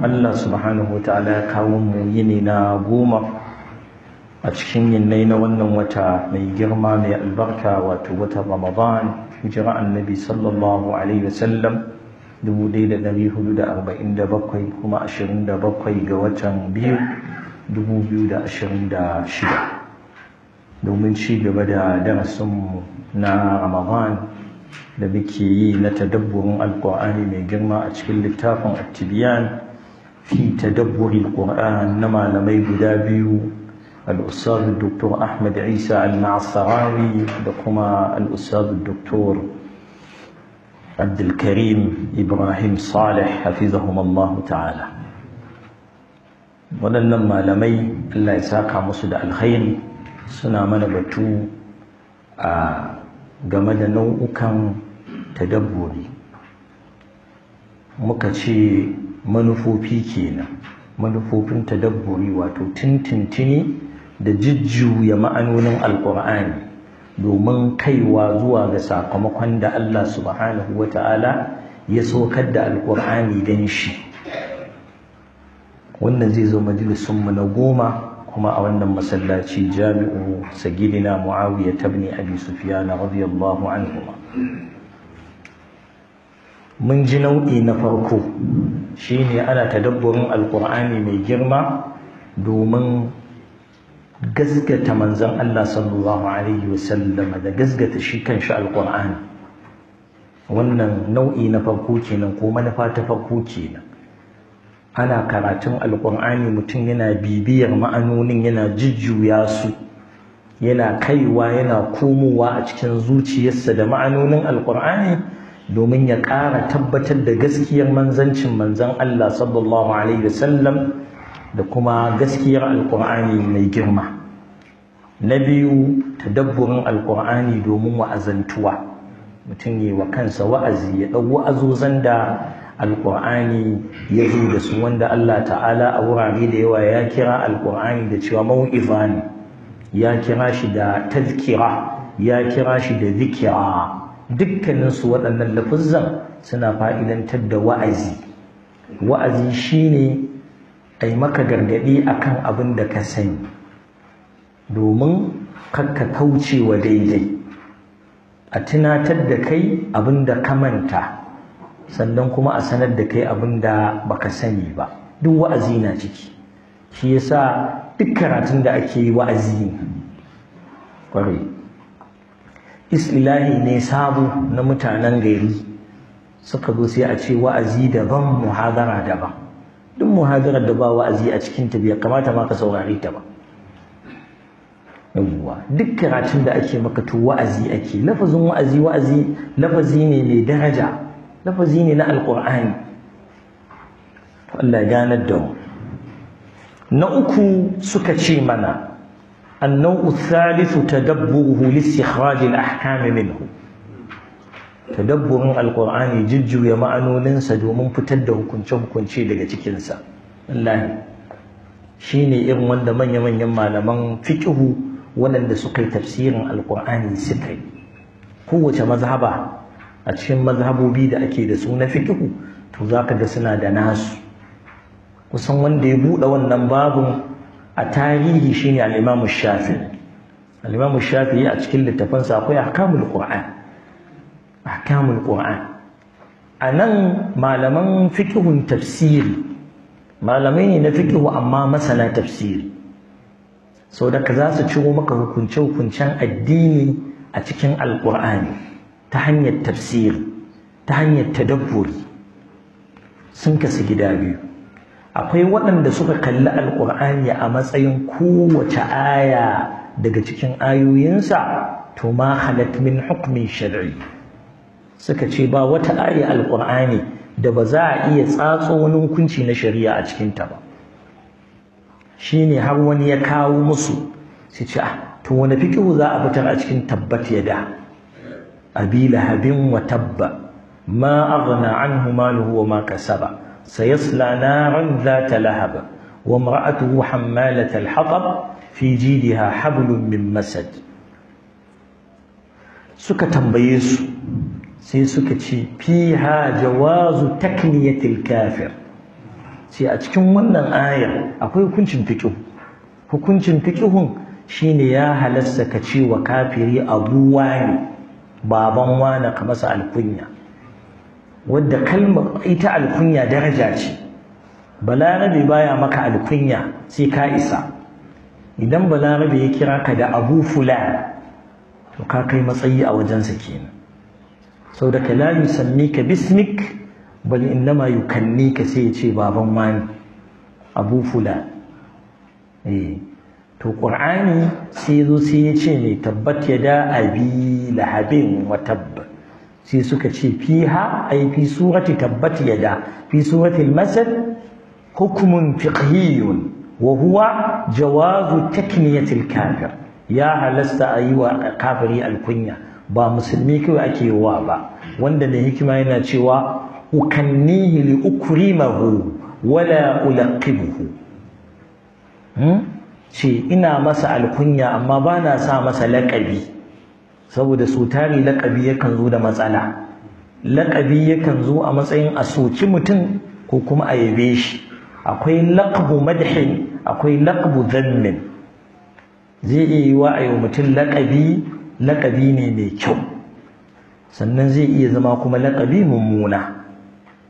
Allah subhanahu wa ta'ala ya kawo mu yini na goma a cikin yinnai na wannan wata mai girma mai albarka wato wata ramadan hijira annabi sallallahu alaihi wasallam 1447 kuma 27 ga watan biyu 2026 domin ci gaba da darasinmu na ramadan da muke yi na tadabburin alkur'ani mai girma a cikin littafin attibiyan fi tadabburin Qur'an na malamai guda biyu al'usar Dr. Ahmad Isa al-Nasarawi da kuma al'usar Dr. Abdulkarim Ibrahim Saleh hafizahumallahu ta'ala. waɗannan malamai Allah ya saka musu da alkhairi suna mana batu a game da nau'ukan tadabburi muka ce manufofi kenan manufofin tadabburi wato tintintini da jujjuya ma'anonin alkur'ani domin kaiwa zuwa ga sakamakon da Allah subhanahu wa ta'ala ya sokar da alkur'ani don shi wannan zai zo majalisunmu na goma kuma a wannan masallaci jami'u sagidina muawiya tabni abi sufyan radiyallahu anhu mun ji nau'i na farko shine ana ta tadabburin alkur'ani mai girma domin gaskata manzon Allah sallallahu alaihi wasallam da gaskata shi kanshi alkur'ani wannan nau'i na farko kenan ko manufa ta farko kenan ana karatun alkur'ani mutum yana bibiyar ma'anonin yana jujjuya su yana kaiwa yana komowa a cikin zuciyarsa da ma'anonin alkur'ani domin ya ƙara tabbatar da gaskiyar manzancin manzan Allah sallallahu alaihi wasallam da kuma gaskiyar alƙur'ani mai girma na biyu tadabburin alƙur'ani domin wa'azantuwa mutum yi wa kansa wa'azi ya ɗau wa'azozan da alkur'ani ya zo da su wanda Allah ta'ala a wurare da yawa ya kira alƙur'ani da cewa mau'iza ne ya kira shi da tazkira ya kira shi da zikira dukkaninsu waɗannan lafuzzan suna fa'idantar da wa'azi wa'azi shine ne maka gargaɗi akan abin da ka sani domin kakka kauce wa daidai a tunatar da kai abin da ka manta sannan kuma a sanar da kai abin da baka sani ba duk wa'azi na ciki shi yasa duk karatun da ake yi wa'azi ne islahi ne sabo na mutanen gari suka zo sai a ce wa'azi daban muhadara daban duk muhadarar da ba wa'azi a cikin ta bai kamata ma ka saurare ta ba yawwa duk karatun da ake maka to wa'azi ake lafazin wa'azi wa'azi lafazi ne mai daraja lafazi ne na alqur'ani Allah ganar da na uku suka ce mana النوع الثالث تدبره لاستخراج الأحكام منه تدبر القرآن ججو يمعنو لنسا دومن فتده hukunce كنشي دقا تكنسا الله shine irin wanda manya-manyan malaman fikihu waɗanda suka tafsirin alƙur'ani suka yi kowace mazhaba a cikin mazhabobi da ake da su na fikihu to za ka ga suna da nasu kusan wanda ya buɗe wannan babin a tarihi shine al-Imam Shafi'i al-Imam a cikin littafansa akwai ahkamul Qur'an ahkamul A nan malaman fikihun tafsiri malamai ne na fikihu amma masana tafsiri sau da ka za su ciro maka hukunce-hukuncen addini a cikin alƙur'ani ta hanyar tafsiri ta hanyar tadabburi sun kasu gida biyu akwai waɗanda suka kalli alƙur'ani a matsayin kowace aya daga cikin ayoyinsa to ma halat min hukmin shari'i suka ce ba wata aya alƙur'ani da ba za a iya tsatso wani hukunci na shari'a a cikinta ba Shi ne har wani ya kawo musu su ce ah to wani fikihu za a fitar a cikin tabbat da abi lahabin wa tabba ma aghna anhu maluhu wa ma kasaba سيصلى نارا ذات لهب وامرأته حمالة الحطب في جيدها حبل من مسد suka tambaye su sai suka ce fiha jawazu takniyatil kafir sai a cikin wannan ayar akwai hukuncin fiqh hukuncin fiqhun shine ya halasta ka wa kafiri abu wani baban wani ka masa alkunya wadda kalmar ita alkunya daraja ce balarabe baya maka alkunya sai ka isa idan balarabe ya kira ka da abu fulan to ka kai matsayi a wajensa kenan sau da la yusanni bismik bal innama yukanni sai ya ce baban wani abu fulan eh to qur'ani sai zo sai ya ce ne tabbat yada abi lahabin wa tabbat sai suka ce fiha ay fi surati tabbat yada fi surati al-masad hukmun fiqhiyyun wa huwa jawazu takniyati al-kafir ya halasta ayiwa kafiri alkunya ba musulmi kawai ake wa ba wanda da hikima yana cewa ukannihi li ukrimahu wala ulaqibuhu hmm? ce ina masa alkunya amma bana sa masa laƙabi saboda su tari laƙabi yakan zo da matsala laƙabi yakan zo a matsayin a soki mutum ko kuma a yabe shi akwai laƙabu madhin akwai laƙabu zannin zai iya yi wa a mutum laƙabi laƙabi ne mai kyau sannan zai iya zama kuma laƙabi mummuna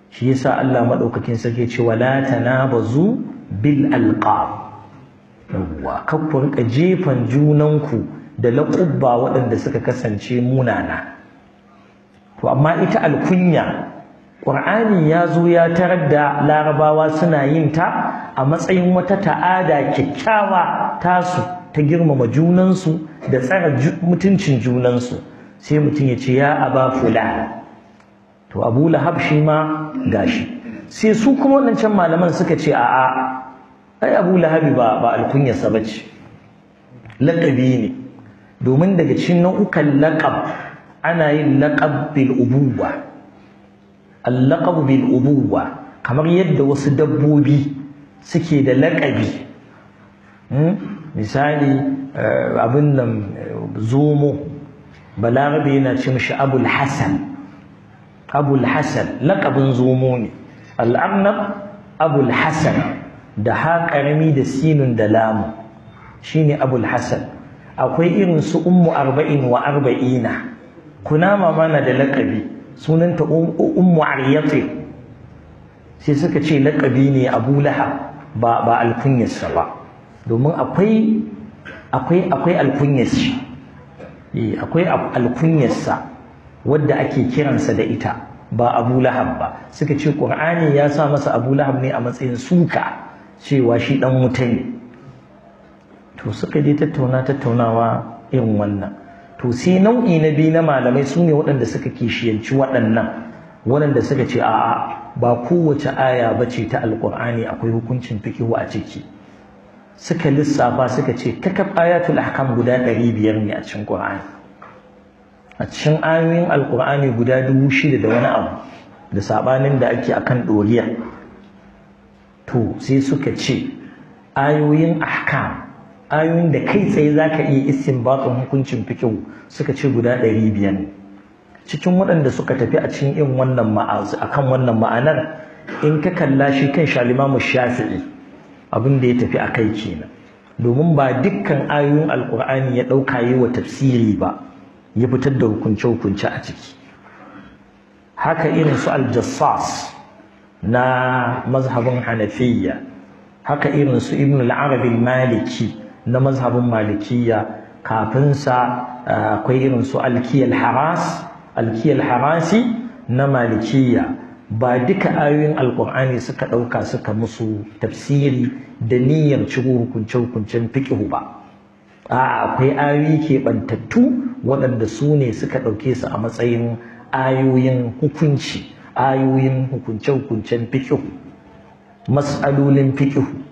shi yasa Allah maɗaukakin sarki ce wala tanabazu bil alqab yawwa kakku jefan junanku da laƙubba waɗanda suka kasance munana to amma ita alkunya ƙur'ani ya zo ya tarar da larabawa suna yin ta a matsayin wata ta'ada kyakkyawa tasu ta girmama junansu da tsara mutuncin junansu sai mutum ya ce ya aba fula to abu lahab shi ma gashi sai su kuma waɗancan malaman suka ce a'a ai abu lahabi ba alkunyarsa ba ce laƙabi ne domin daga cikin nau'ukan laƙab ana yin laƙab bil ubuwa al-laqab bil ubuwa kamar yadda wasu dabbobi suke da laƙabi hmm? misali eh, abin nan eh, zomo balarabe yana ce mishi abul hasan abul hasan laƙabin zomo ne al'arnab abul hasan da ha ƙarami da sinin da lamu shine abul hasan akwai irin su ummu arba'in wa arba'ina kunama mana da lakabi sunanta um, ummu aryati sai suka ce lakabi ne abu lahab ba ba alkunyarsa ba domin akwai akwai akwai alkunyarsa eh, akwai alkunyarsa wadda ake kiransa da ita ba abu lahab ba suka ce ƙur'ani ya sa masa abu lahab ne a matsayin suka cewa shi ɗan wuta ne to suka dai tattauna tattaunawa irin wannan to sai nau'i na biyu na malamai su ne waɗanda suka kishiyanci waɗannan waɗanda suka ce a'a ba kowace aya ba ce ta alƙur'ani akwai hukuncin fikihu a ciki suka lissafa suka ce kakaf ayatul ahkam guda ɗari biyar ne a cikin ƙur'ani a cikin ayoyin alƙur'ani guda dubu shida da wani abu da saɓanin da ake akan ɗoriya to sai suka ce ayoyin ahkam ayoyin da kai tsaye za ka iya bakon hukuncin fikihu suka ce guda ɗari biyar cikin waɗanda suka tafi a cikin irin wannan ma'azu a kan wannan ma'anar in ka kalla shi kan shalimamu shafi'i abin da ya tafi a kai kenan domin ba dukkan ayoyin alkur'ani ya ɗauka yi wa tafsiri ba ya fitar da hukunce-hukunce a ciki haka irin su aljassas na mazhabin hanafiyya haka irin su ibn al-arabi maliki na mazhabin malikiya kafin sa eh, akwai irin su alkiyal haras alkiyal harasi na malikiya ba duka ayoyin alkur'ani suka ɗauka suka musu tafsiri da niyyar cikin hukunce-hukuncen fikihu ba a akwai ayoyi keɓantattu waɗanda su ne suka ɗauke su a matsayin ayoyin hukunci ayoyin hukunce-hukuncen fiƙihu mas'alolin fikihu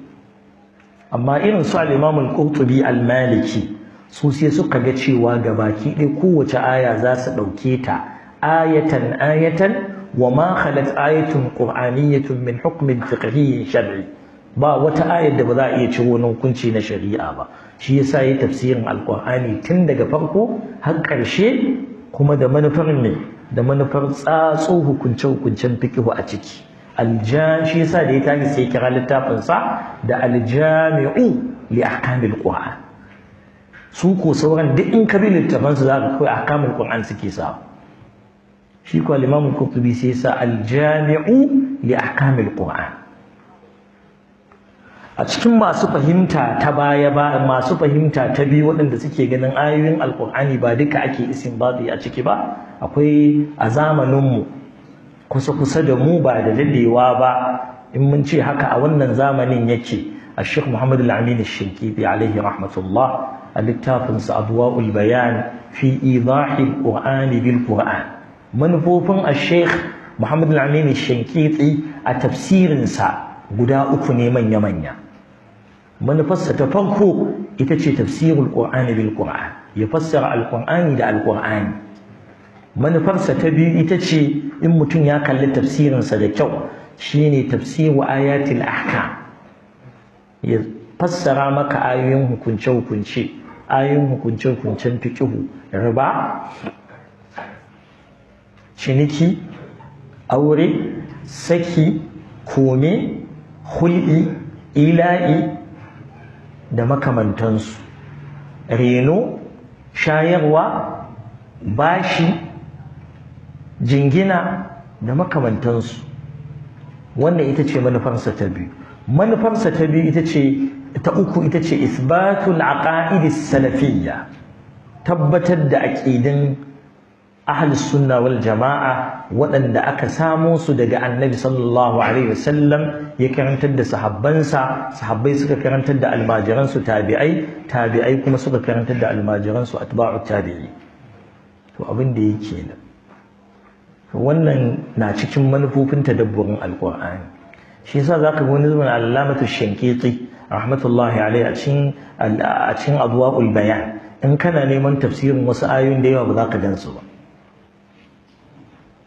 amma irin su al-Imam al-Qurtubi maliki su sai suka ga cewa ga gabaki ɗaya kowace aya za su ɗauke ta ayatan ayatan wa ma khalat ayatun qur'aniyyatun min hukmin fiqhiyyin shar'i ba wata ayar da ba za a iya ciro wani hukunci na shari'a ba shi yasa yi tafsirin alqur'ani tun daga farko har ƙarshe kuma da manufar ne da manufar tsatso hukunce hukuncen fiqhu a ciki aljan shi yasa da ya tashi sai kira littafin sa da aljami'u li ahkamil qur'an su ko sauran duk in ka bi littafin su zaka kai ahkamul qur'an suke sa shi ko al-imam sai sa aljami'u li ahkamil qur'an a cikin masu fahimta ta baya ba masu fahimta ta biyu waɗanda suke ganin ayoyin alkur'ani ba duka ake isin babu a ciki ba akwai a zamaninmu kusa-kusa da mu ba da dadewa ba in mun ce haka a wannan zamanin yake a sheikh Muhammadu al-amin al alaihi rahmatullah a littafinsa adwa'ul bayan fi idahi qurani bil qur'an manufofin a sheikh Muhammadu al-amin al a tafsirinsa guda uku ne manya-manya manufarsa ta farko ita ce tafsirul qur'ani bil qur'an ya fassara al-qur'ani da al-qur'ani manufarsa ta biyu ita ce in mutum ya kalli tafsirinsa da kyau shi shine tafsiru ayatul ahkam ya fassara maka ayoyin hukunce hukunce ayoyin hukunce hukuncen fiqhu riba ciniki aure saki kome hulɗi, ila'i da makamantansu reno shayarwa bashi jingina da makamantansu wannan ita ce manufarsa ta biyu manufarsa ta biyu ita ce ta uku ita ce isbatul aqaidis salafiyya tabbatar da aqidin ahlus sunna wal jama'a waɗanda aka samo su daga annabi sallallahu alaihi wasallam ya karantar da sahabbansa sahabbai suka karantar da almajiransu tabi'ai tabi'ai kuma suka karantar da almajiransu atba'u tabi'i to abin da yake nan wannan na cikin manufofin tadabburin Alƙur'ani. shi yasa zaka ga wani zuwan allamatu shankiti rahmatullahi alaihi a cikin a cikin adwaul bayan in kana neman tafsirin wasu ayoyin da yawa ba za ka gansu ba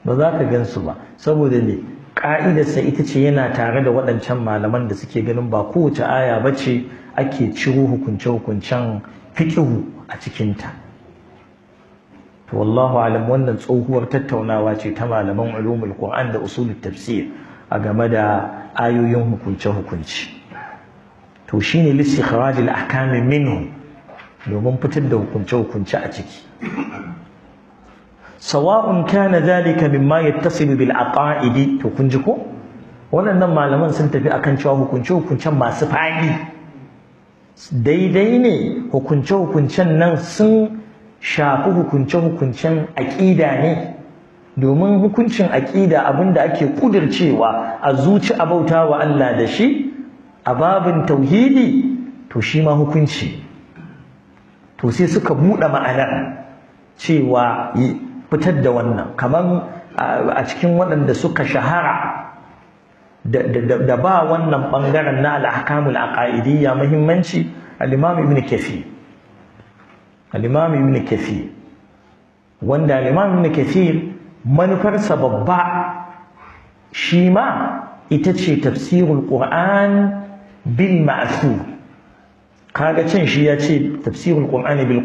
ba za ka gansu ba saboda ne ka'idarsa ita ce yana tare da waɗancan malaman da suke ganin ba kowace aya ba ce ake ciro hukunce-hukuncen fiƙihu a cikinta to wallahu alam wannan tsohuwar tattaunawa ce ta malaman ulumul qur'an da usulul tafsir a game da ayoyin hukunce hukunci to shine listikhraj al ahkam minhu domin fitar da hukunce hukunce a ciki sawa'un kana zalika mimma yattasilu bil aqaidi to kun ji ko waɗannan malaman sun tafi akan cewa hukunce hukuncen masu fadi daidai ne hukunce hukuncen nan sun shafi hukunce-hukuncen aƙida ne domin hukuncin aƙida abun da ake ƙudircewa a zuci a bauta wa Allah da shi a babin tauhidi to shi ma hukunci to sai suka buɗe ma'anar cewa fitar da wannan kamar a cikin waɗanda suka shahara da ba wannan ɓangaren na al'akamul aƙa'idiyya muhimmanci al-imam ibn kafi Alimami ibn wanda alimami imam ibn kathir manufarsa babba shi ma ita ce tafsirul qur'an bil ma'thur kaga can shi ya ce tafsirul qur'ani bil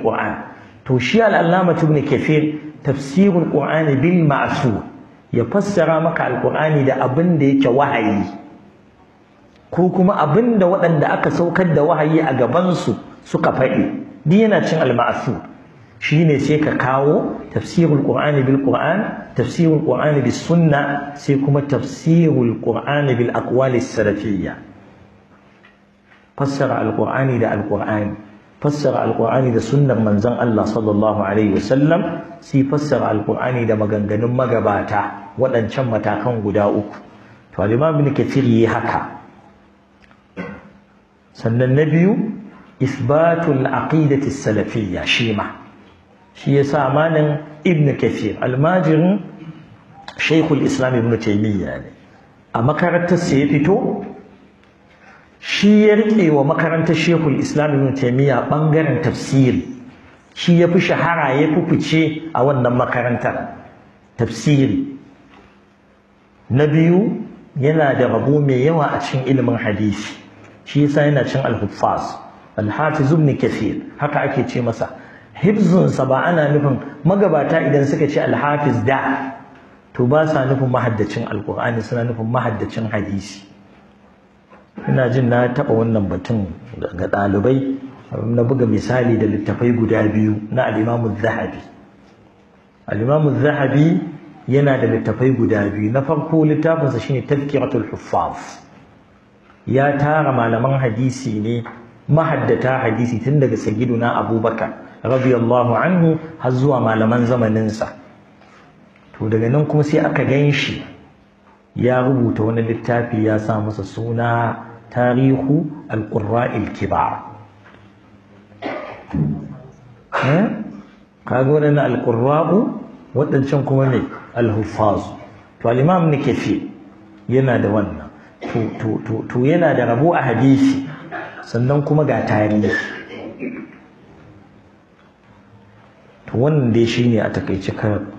to shi al ibn kathir tafsirul qur'ani bil ma'thur ya fassara maka Alƙur'ani da abin da yake wahayi ko kuma abin da waɗanda aka saukar da wahayi a gabansu suka faɗi duk yana cin alma'asu shine sai ka kawo tafsirul qur'ani bil qur'an tafsirul qur'ani bis sunna sai kuma tafsirul qur'ani bil aqwali salafiyya fassara alqur'ani da alqur'ani fassara alqur'ani da sunnar manzon Allah sallallahu alaihi wasallam sai fassara alqur'ani da maganganun magabata waɗancan matakan guda uku to al-imam ibn kathir yi haka sannan na biyu isbatul aqidati salafiyya shi ma shi yasa malam ibn kathir almajirin shaykhul islam ibn taymiya ne a makarantar sa ya fito shi ya rike wa makarantar shaykhul islam ibn taymiya bangaren tafsiri shi ya fi shahara ya fi fice a wannan makarantar tafsiri na biyu yana da rabo mai yawa a cikin ilimin hadisi shi yasa yana cin alhuffas. الحافظ ابن كثير حقا haka ake ce masa hibzunsa ba ana nufin magabata idan suka ce alhafiz da to ba sa nufin mahaddacin alkur'ani suna nufin mahaddacin hadisi ina jin na taɓa wannan batun ga ɗalibai na buga misali da littafai guda biyu na al'imamu zahabi al'imamu zahabi yana da littafai guda biyu na farko littafinsa shine tazkiratul huffaz ya tara malaman hadisi ne mahaddata hadisi tun daga sayyiduna abubakar radiyallahu anhu har zuwa malaman zamaninsa to daga nan kuma sai aka gan shi ya rubuta wani littafi ya sa masa suna tarihu alƙurra'il kibar eh? kaga waɗannan alƙurra'u waɗancan kuma ne alhufazu to al'imam ne yana da wannan to yana da rabo a hadisi sannan kuma ga tarihi to wannan dai shine a takaice kan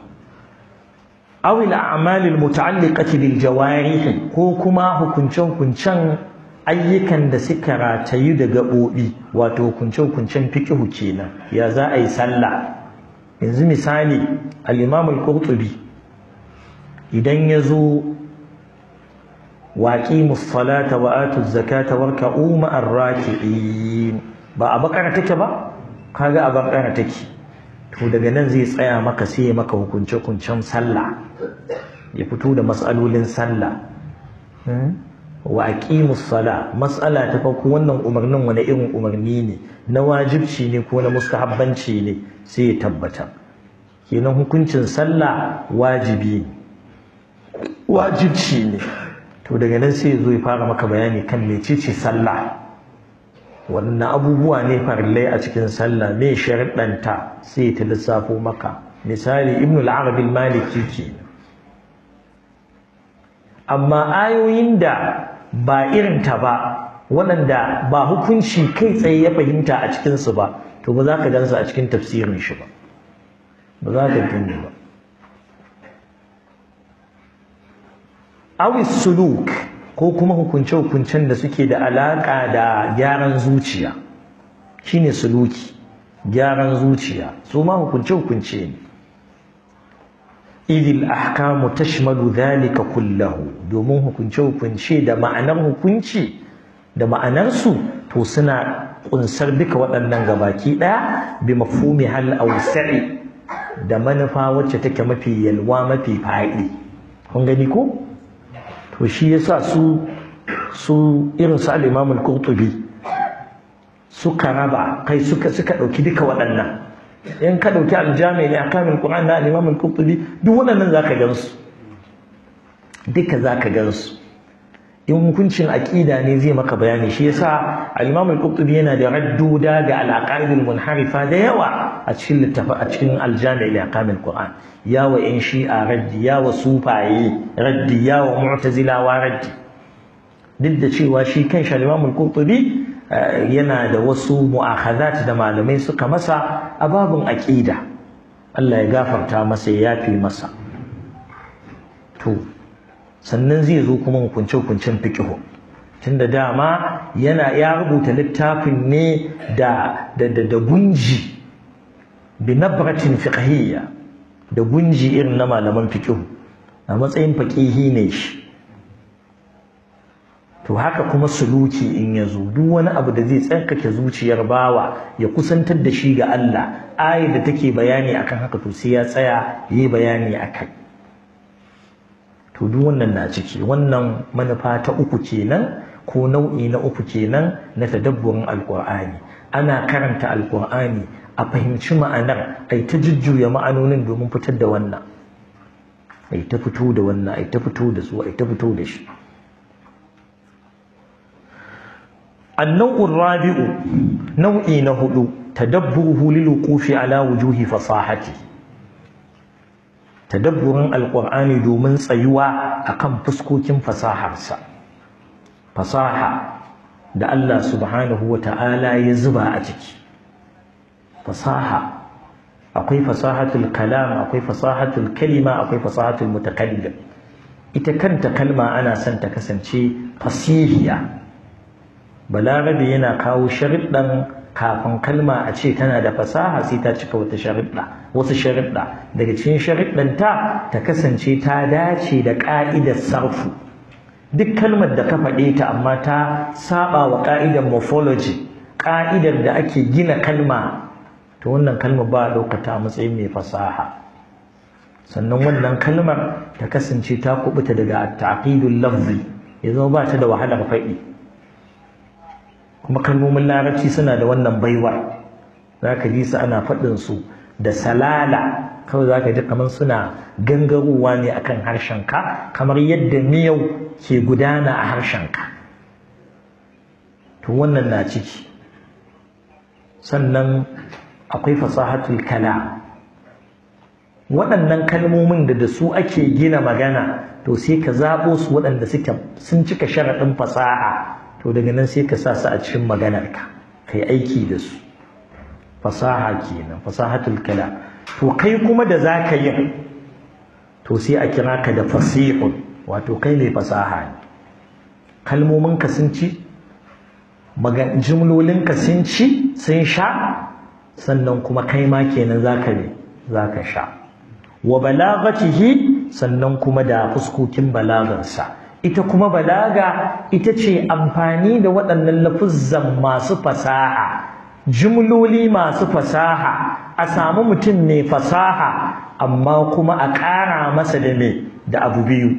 aw il a'mal muta'alliqati bil jawarih ko kuma hukuncen hukuncen ayyukan da suka ratayi da gabobi wato hukuncen hukuncen fiqhu kenan ya za a yi sallah yanzu misali al-imam al-qurtubi idan ya zo Waƙi salata ta atu zakata warka'u ma'ar raki'in ba a bakara take ba ka ga a bakara take to daga nan zai tsaya maka sai maka hukunce kuncen sallah ya fito da matsalolin sallah hmm? Waƙi aqimus matsala ta farko wannan umarnin wani irin umarni ne na wajibci ne ko na mustahabbanci ne sai ya tabbata kenan hukuncin sallah wajibi ne wajibci ne to daga nan sai zo ya fara maka bayani kan mecece sallah wannan abubuwa ne farillai a cikin sallah me sharɗanta sai ta lissafo maka misali ibnu al-arabi maliki ce. amma ayoyin da ba irin ta ba waɗanda ba hukunci kai tsaye ya fahimta a cikinsu ba to ba za ka gansu a cikin tafsirin shi ba ba za ka gani ba awis suluk ko kuma hukunce-hukuncen da suke da alaƙa da gyaran zuciya shine suluki gyaran zuciya su ma hukunce-hukunce ne idil ahkamu tashmalu dhalika kullahu domin hukunce-hukunce da ma'anar hukunci da ma'anarsu to suna kunsar duka waɗannan gabaki ɗaya bi mafhumi hal awsa'i da manufa wacce take mafi yalwa mafi faɗi kun gani ko to shi yasa su su irin su Alimamin imam al-Qurtubi suka raba kai suka suka dauki duka waɗannan in ka dauki aljami ne li ahkam al-Qur'an na al qurtubi duk waɗannan zaka gansu duka zaka gansu in hukuncin aqida ne zai maka bayani shi yasa al-Imam al yana da radduda ga al-aqaid al-munharifa da yawa a cikin littafa a cikin al-Jami' li aqam al-Qur'an ya wa in shi'a raddi ya wa sufaye raddi ya wa mu'tazilawa raddi duk da cewa shi kan shi al-Imam al eh, yana da wasu mu'akhazat da malamai suka masa a babun aqida Allah ya gafarta masa ya yafi masa to sannan zai zo kuma hukunce-hukuncen fiƙihu tunda dama yana ya rubuta littafin ne da da da gunji bi nabratin fiqhiyya da gunji irin na malaman fiqhu a matsayin faqihi ne shi to haka kuma suluki in ya zo duk wani abu da zai tsarkake zuciyar bawa ya kusantar da shi ga Allah ayi da take bayani akan haka to sai ya tsaya yi bayani akai to duk wannan na ciki wannan manufa ta uku kenan ko nau'i na uku kenan na tadabburin alkur'ani ana karanta alkur'ani a fahimci ma'anar ai ta jujjuya ma'anonin domin fitar da wannan ai ta fito da wannan ai ta fito da su ai ta fito da shi annau'ur rabi'u nau'i na hudu tadabburuhu lil ala wujuhi fasahati tadabburin alƙur'ani domin tsayuwa akan fuskokin fasaharsa fasaha da Allah subhanahu wa ta'ala ya zuba a ciki fasaha akwai fasahatul kalam akwai fasahatul kalima akwai fasahatul mutakallim ita kanta kalma ana son ta kasance fasihiya balarabe yana kawo sharuɗan kafin kalma a ce tana da fasaha sai ta cika wata sharuɗa wasu sharuɗa daga cikin sharuɗan ta ta kasance ta dace da ƙa'idar sarfu duk kalmar da ka faɗe ta amma ta saba wa ƙa'idar morphology ƙa'idar da ake gina kalma to wannan kalma ba a matsayin mai fasaha sannan wannan kalmar ta kasance ta kubuta daga ta'aqidul lafzi ya zama ba ta da wahalar faɗi kuma kalmomin larabci suna da wannan baiwa za ka ji su ana faɗin su da salala kawai za ka ji kamar suna gangarowa ne a akan harshenka kamar yadda miyau ke gudana a harshenka to wannan na ciki sannan akwai fasahatul kala waɗannan kalmomin da da su ake gina magana to sai ka zaɓo su waɗanda suke sun cika sharaɗin fasaha to daga nan sai ka sa su a cikin maganarka kai aiki da su fasaha kenan fasahatul kala to kai kuma da zaka yi to sai a kira ka da fasihun wato kai mai fasaha ne kalmominka sun ci jimlolinka sun ci sun sha sannan kuma kai ma kenan zaka ne zaka sha wa balagatihi sannan kuma da fuskokin balagansa ita kuma balaga ita ce amfani da waɗannan lafuzzan masu fasaha jumloli masu fasaha a samu mutum ne fasaha amma kuma a ƙara masa da me da abu biyu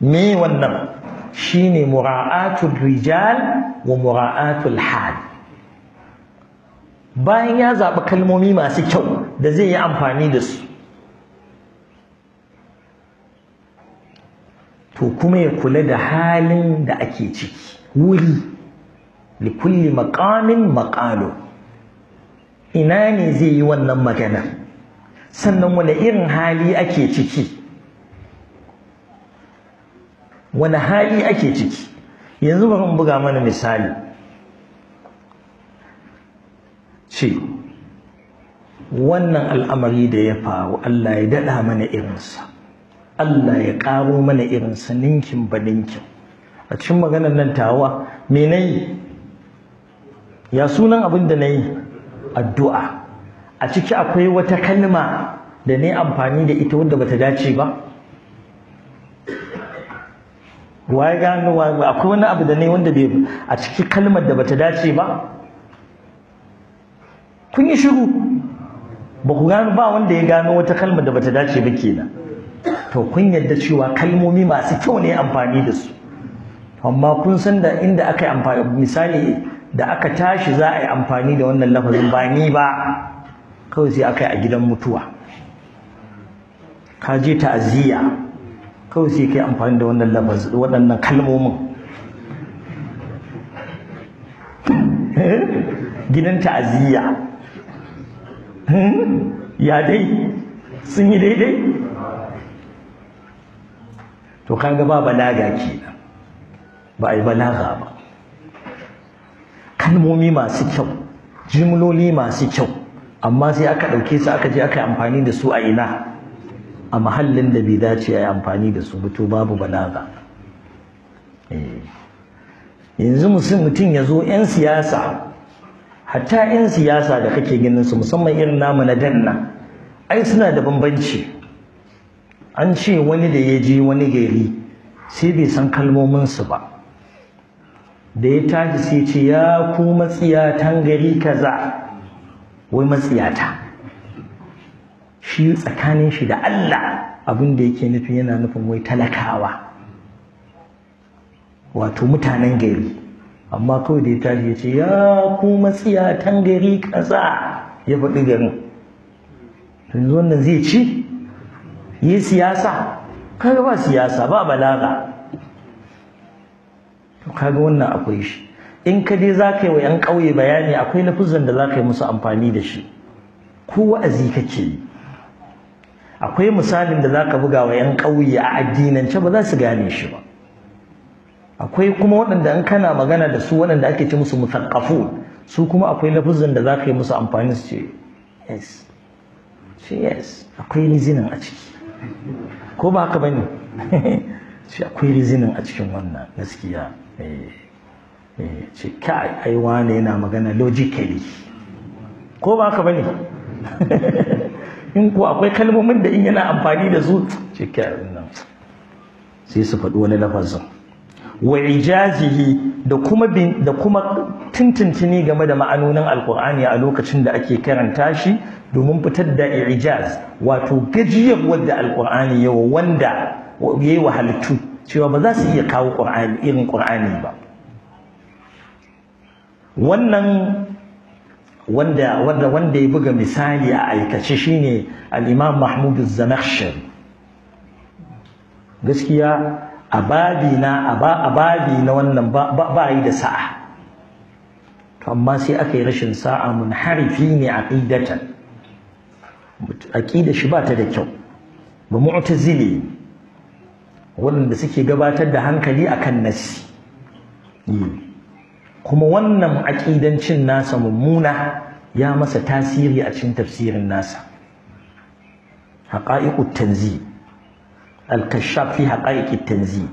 me wannan shi ne mura'atul rijal wa mura'atul hal bayan ya zaɓi kalmomi masu kyau da zai yi amfani da su to kuma ya kula da halin da ake ciki wuri likulli makamin makalo ina ne zai yi wannan magana sannan wani irin hali ake ciki wani hali ake ciki yanzu bari in buga mana misali ce wannan al'amari da ya faru Allah ya daɗa mana irinsa Allah ya ƙaro mana irin sa ninkin ba ninkin a cikin maganar nan tawa me nayi ya sunan abin da nayi addu'a a ciki akwai wata kalma da ne amfani da ita wadda bata dace ba waye gano akwai wani abu da ne wanda bai a ciki kalmar da bata dace ba kun yi shiru ba ku gano ba wanda ya gano wata kalmar da bata dace ba kenan to kun yadda cewa kalmomi masu kyau ne amfani da su amma kun san da inda aka yi amfani misali da aka tashi za a yi amfani da wannan lafazin ba ni ba kawai sai aka yi a gidan mutuwa ka je aziya kawai sai ka yi amfani da wannan lafazin waɗannan kalmomin gidan aziya ya dai sun yi daidai to kaga ba balaga kenan ba a yi balaga ba kalmomi masu kyau jimloli masu kyau amma sai aka ɗauke su aka je aka yi amfani da su a ina a mahallin da bai dace a yi amfani da su to babu balaga eh. yanzu mutum ya zo 'yan siyasa hatta 'yan siyasa da kake ginin su musamman irin namu na danna ai suna da bambanci an ce wani da ya ji wani gari sai bai san kalmomin su ba da ya tashi sai ce ya ku matsiyatan gari kaza wai matsiyata shi tsakanin shi da Allah abin da yake nufi yana nufin wai talakawa wato mutanen gari amma kawai da ya tashi ya ce ya ku matsiyatan gari kaza ya faɗi garin yanzu wannan zai ci yi siyasa kaga ba siyasa ba balaga to kaga wannan akwai shi in ka dai za yi wa 'yan ƙauye bayani akwai lafuzan da za yi musu amfani da shi ko wa'azi kake akwai misalin da za ka buga wa 'yan ƙauye a addinance ba za su gane shi ba akwai kuma waɗanda in kana magana da su waɗanda ake ce musu muthaqqafun su kuma akwai lafuzan da za yi musu amfani su ce yes shi yes akwai nizinin a ciki ko ba haka bane shi akwai rizinin a cikin wannan gaskiya eh, eh, ce kai aiwa ne yana magana logically ko ba haka bane in ko akwai kalmomin da in yana amfani da su ce kai nan sai su faɗi wani lafazin wa ijazihi da kuma da kuma tuntuntuni game da ma'anonin alqur'ani a lokacin da ake karanta shi domin fitar da ijaz wato gajiyar wadda alqur'ani yawa wanda yayi wahaltu cewa ba za su iya kawo qur'ani irin qur'ani ba wannan wanda wanda wanda ya buga misali a aikace shine al-Imam Mahmud az-Zamakhshari gaskiya a babi na a babi na wannan ba yi da sa'a to amma sai aka yi rashin sa'a munharifi ne aqidatan aqida shi ba ta da kyau ba mu'tazili wanda suke gabatar da hankali akan nasi kuma wannan aƙidancin nasa mummuna ya masa tasiri a cikin tafsirin nasa haqa'iqut tanzil al-kashaf fi haqa'iq at-tanzil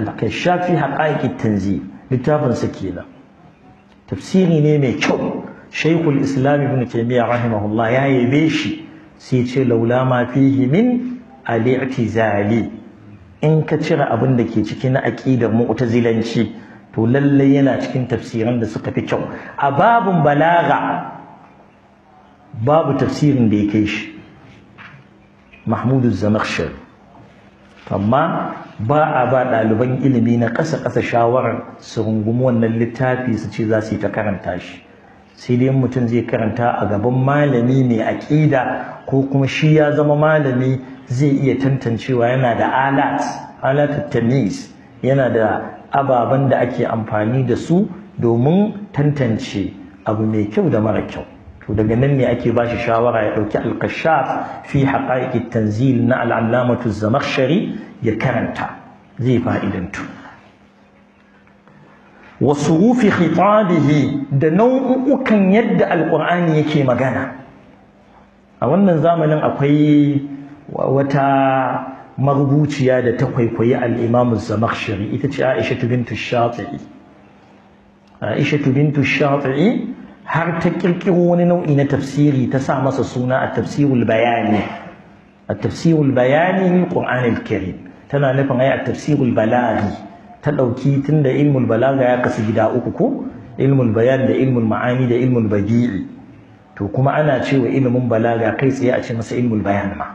al-kashaf fi haqa'iq at-tanzil littafin sa kenan tafsiri ne mai kyau shaykhul islam ibn taymiya rahimahullah ya yabe shi sai ce laula ma fihi min al-i'tizali in ka cire abin da ke ciki na aqidar mu'tazilanci to lallai yana cikin tafsiran da suka fi kyau a babu balaga babu tafsirin da ya kai shi mahmudu zamakhshari amma ba a ba ɗaliban ilimi na ƙasa-ƙasa shawarar su rungumi wannan littafi su ce za su yi ta karanta shi sai dai mutum zai karanta a gaban malami mai aƙida ko kuma shi ya zama malami zai iya tantancewa yana da alat alat yana da ababen da ake amfani da su domin tantance abu mai kyau da mara kyau to daga nan ne ake ba shi shawara ya ɗauki alkashaf fi haƙaƙi tanzil na al'allamatu zamakshari ya karanta zai fa'idantu wasu rufi khitabihi da nau'ukan yadda alƙur'ani yake magana a wannan zamanin akwai wata marubuciya da ta kwaikwayi al'imamu zamakshari ita ce aisha bintu shafi'i aisha bintu shafi'i har ta kirkiro wani nau'i na tafsiri ta sa masa suna a tafsirul bayani a tafsirul bayani min qur'anil karim tana nufin ai a tafsirul balaghi ta dauki tunda ilmul balaga ya kasu gida uku ko ilmul bayan da ilmul ma'ani da ilmul badi'i to kuma ana cewa ilmin balaga kai tsaye a ce masa ilmul bayan ma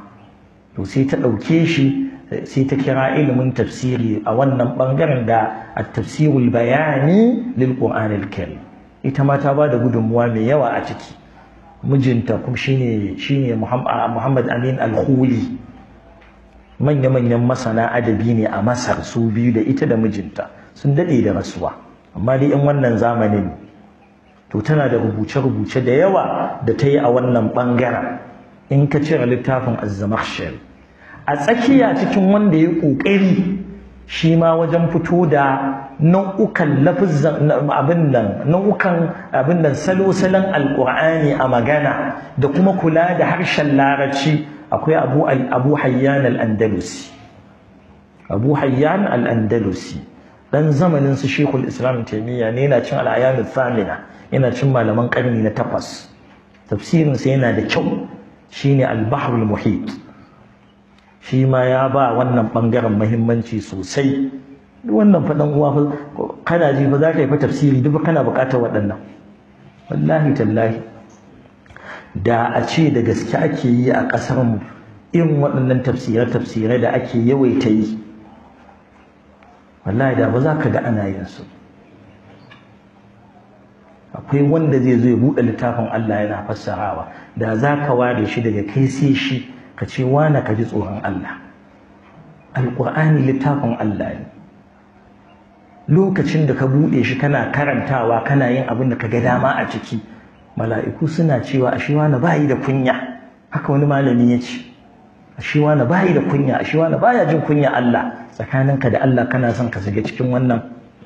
to sai ta dauke shi sai ta kira ilimin tafsiri a wannan bangaren da at-tafsirul bayani lil qur'anil karim ita ma ta ba da gudunmuwa mai yawa a ciki mijinta kuma shine shine Muhammad Amin Al-Khuli manya-manyan masana adabi ne a Masar su biyu da ita da mijinta sun dade da rasuwa amma dai in wannan zamanin to tana da rubuce-rubuce da yawa da ta yi a wannan bangaren in ka cire littafin Az-Zamakhshari a tsakiya cikin wanda ya kokari shi ma wajen fito da nau'ukan lafizan abin nan nau'ukan abin nan salo-salon alƙur'ani a magana da kuma kula da harshen larabci akwai abu abu hayyan al-andalusi abu hayyan al-andalusi dan zamanin su shekul islam taimiyya ne yana cin al'ayyanu thamina yana cin malaman karni na takwas tafsirin sa yana da kyau shine al-bahrul muhit shi ma ya ba wannan bangaren muhimmanci sosai wannan fa uwa fa kana ji fa za ka yi fa tafsiri duk kana buƙatar waɗannan wallahi tallahi da a ce da gaske ake yi a ƙasar mu in waɗannan tafsirai tafsirai da ake yawaita yi wallahi da ba za ka ga ana yin su akwai wanda zai zo ya buɗe littafin Allah yana fassarawa da za ka ware shi daga kai sai shi ka ce wane ka ji tsoron Allah alƙur'ani littafin Allah ne lokacin da ka buɗe shi kana karantawa kana yin abin da ka ga dama a ciki mala'iku suna cewa shi wani bayi da kunya haka wani malami ya ce shi wani bayi da kunya shi wani baya jin kunya Allah tsakaninka da Allah kana son ka shiga cikin wannan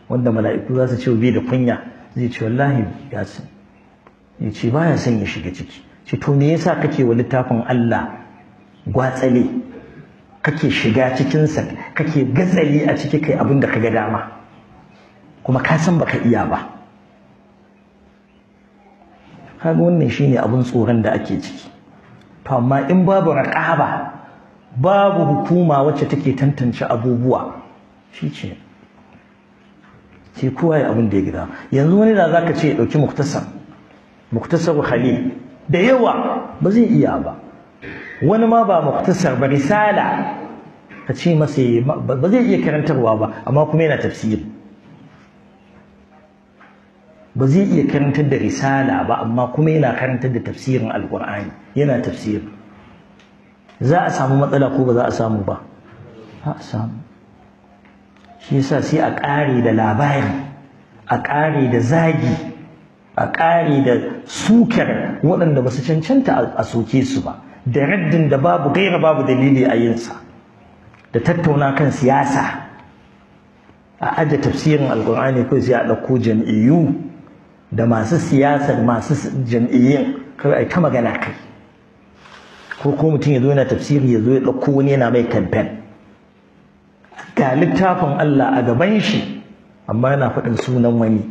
wanda mala'iku za su ce bai da kunya zai ce wallahi ya san ya ce baya son ya shiga ciki ce to me yasa kake wa littafin Allah gwatsale kake shiga cikinsa kake gatsali a ciki kai abin da ka ga dama kuma ka san baka iya ba kaga wannan shine abun tsoron da ake ciki to amma in babu raqaba babu hukuma wacce take tantance abubuwa shi ce sai kowa ya abin da ya gida yanzu wani da zaka ce ya dauki muktasar muktasar khalil da yawa ba zai iya ba wani ma ba muktasar ba risala ka ce masa ba zai iya karantarwa ba amma kuma yana tafsiri ba zai iya karantar da risala ba amma kuma yana karantar da tafsirin alkur'ani yana tafsiri za a samu matsala ko ba za a samu ba za a samu shi yasa sai a ƙare da labari a ƙare da zagi a ƙare da sukar waɗanda ba su cancanta a soke su ba da raddin da babu gaira babu dalili a yinsa da tattauna kan siyasa a aje tafsirin alkur'ani ko sai a ɗauko jam'iyyu da masu siyasar masu jam'iyyin kar ai ta magana kai ko ko mutum ya zo yana tafsiri ya zo ya ɗauko wani yana mai kamfen ga littafin Allah a gaban shi amma yana faɗin sunan wani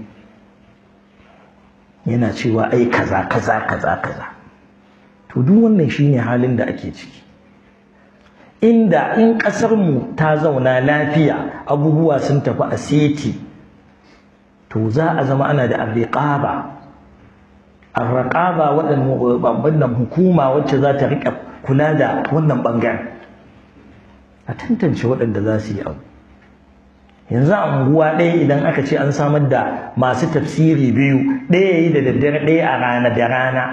yana cewa ai kaza kaza kaza kaza to duk wannan shine halin da ake ciki inda in ƙasarmu ta zauna lafiya abubuwa sun tafi a seti to za a zama ana da arriqaba arraqaba wannan hukuma wacce za ta riƙa kula da wannan ɓangaren a tantance waɗanda za su yi abu yanzu a unguwa ɗaya idan aka ce an samar da masu tafsiri biyu ɗaya yayi da daddare ɗaya a rana da rana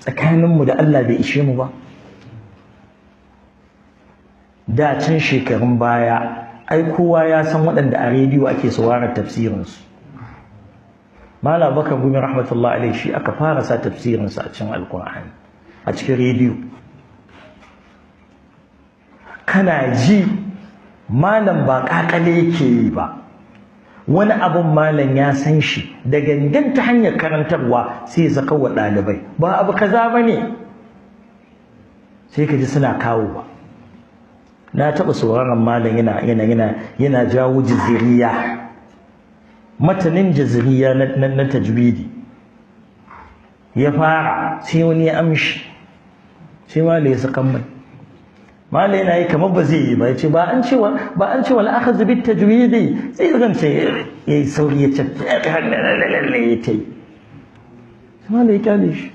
tsakaninmu da Allah bai ishe mu ba da can shekarun baya ai kowa ya san waɗanda a rediyo ake sauraron su. malam baka gumi rahmatullah alaihi shi aka fara sa tafsirinsa a cikin alkur'ani a cikin rediyo kana ji malam ba kakale yake yi ba wani abun malam ya san shi da gangan ta hanyar karantarwa sai ya zaka wa ɗalibai ba abu kaza ba ne sai ka ji suna kawo ba na taɓa sauraron malam yana yana yana yana jawo jiziriya matanin jaziriya na tajwidi ya fara sai wani ya amshi sai malai ya sakan mai malai yana yi kamar ba zai yi ba ya ce ba an cewa ba an cewa la akhadhu bit tajwidi sai zan ce yi sauri ya ce ya tai malai ya kyale shi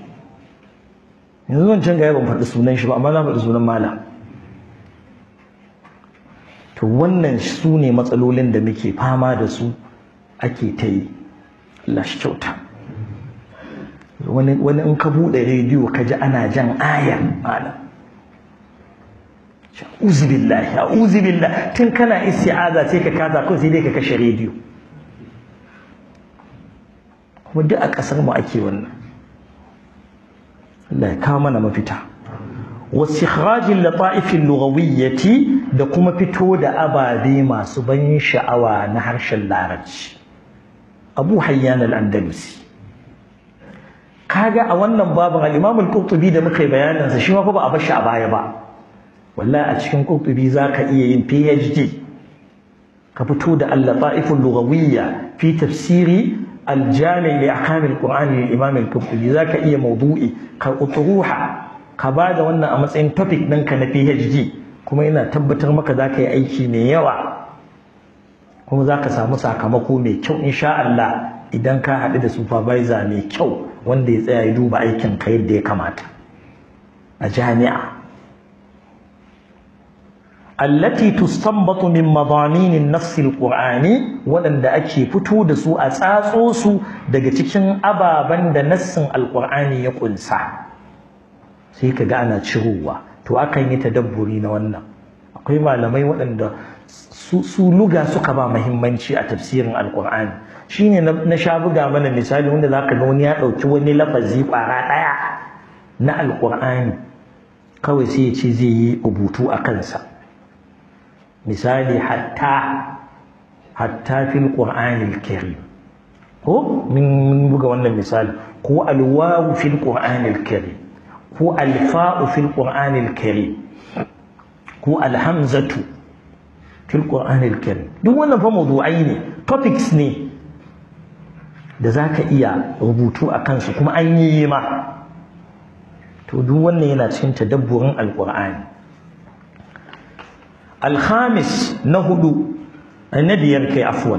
yanzu wancan ga ban faɗi sunan shi ba amma na faɗi sunan malam to wannan su ne matsalolin da muke fama da su ake ta yi Allah kyauta wani in ka buɗe rediyo ka ji ana jan aya malam a'udhu billahi a'udhu billahi tun kana isti'aza ce ka kaza ko sai dai ka kashe rediyo kuma duk a ƙasar mu ake wannan Allah ya kawo mana mafita wasikhrajin lata'ifin lughawiyyati da kuma fito da ababe masu ban sha'awa na harshen larabci abu hayyan al-andalusi kaga a wannan babin al-imam al da muka yi bayanin sa shi ma ba a bar shi a baya ba wallahi a cikin za ka iya yin PhD ka fito da al-lataif al-lughawiyya fi tafsiri al-jami' li ahkam al-Qur'an lil-imam al-qurtubi zaka iya mawdu'i ka utruha ka bada wannan a matsayin topic ɗinka na PhD kuma ina tabbatar maka zaka yi aiki mai yawa kuma za ka samu sakamako mai kyau insha Allah idan ka haɗu da supervisor mai kyau wanda ya tsaya ya duba aikin ka yadda ya kamata a jami'a allati tustanbatu min madanin nafsi alqur'ani waɗanda ake fito da su a tsatso su daga cikin ababen da nassin alqur'ani ya kunsa sai ka ga ana cirowa to akan yi tadabburi na wannan akwai malamai waɗanda su luga suka ba muhimmanci a tafsirin alkur'ani shine na sha buga mana misali wanda za ka ga wani ya ɗauki wani lafazi ƙwara ɗaya na alkur'ani kawai sai ya ce zai yi rubutu a kansa misali hatta hatta fil ko min buga wannan misali ko alwawu fil qur'anil ko alfa'u fil qur'anil ko alhamzatu fil qur'anil karim duk wannan fa mawdu'ai ne topics ne da zaka iya rubutu a kansu kuma an yi ma to duk wannan yana cikin tadabburin alqur'ani الخامس نهدو النبي يركي عفوا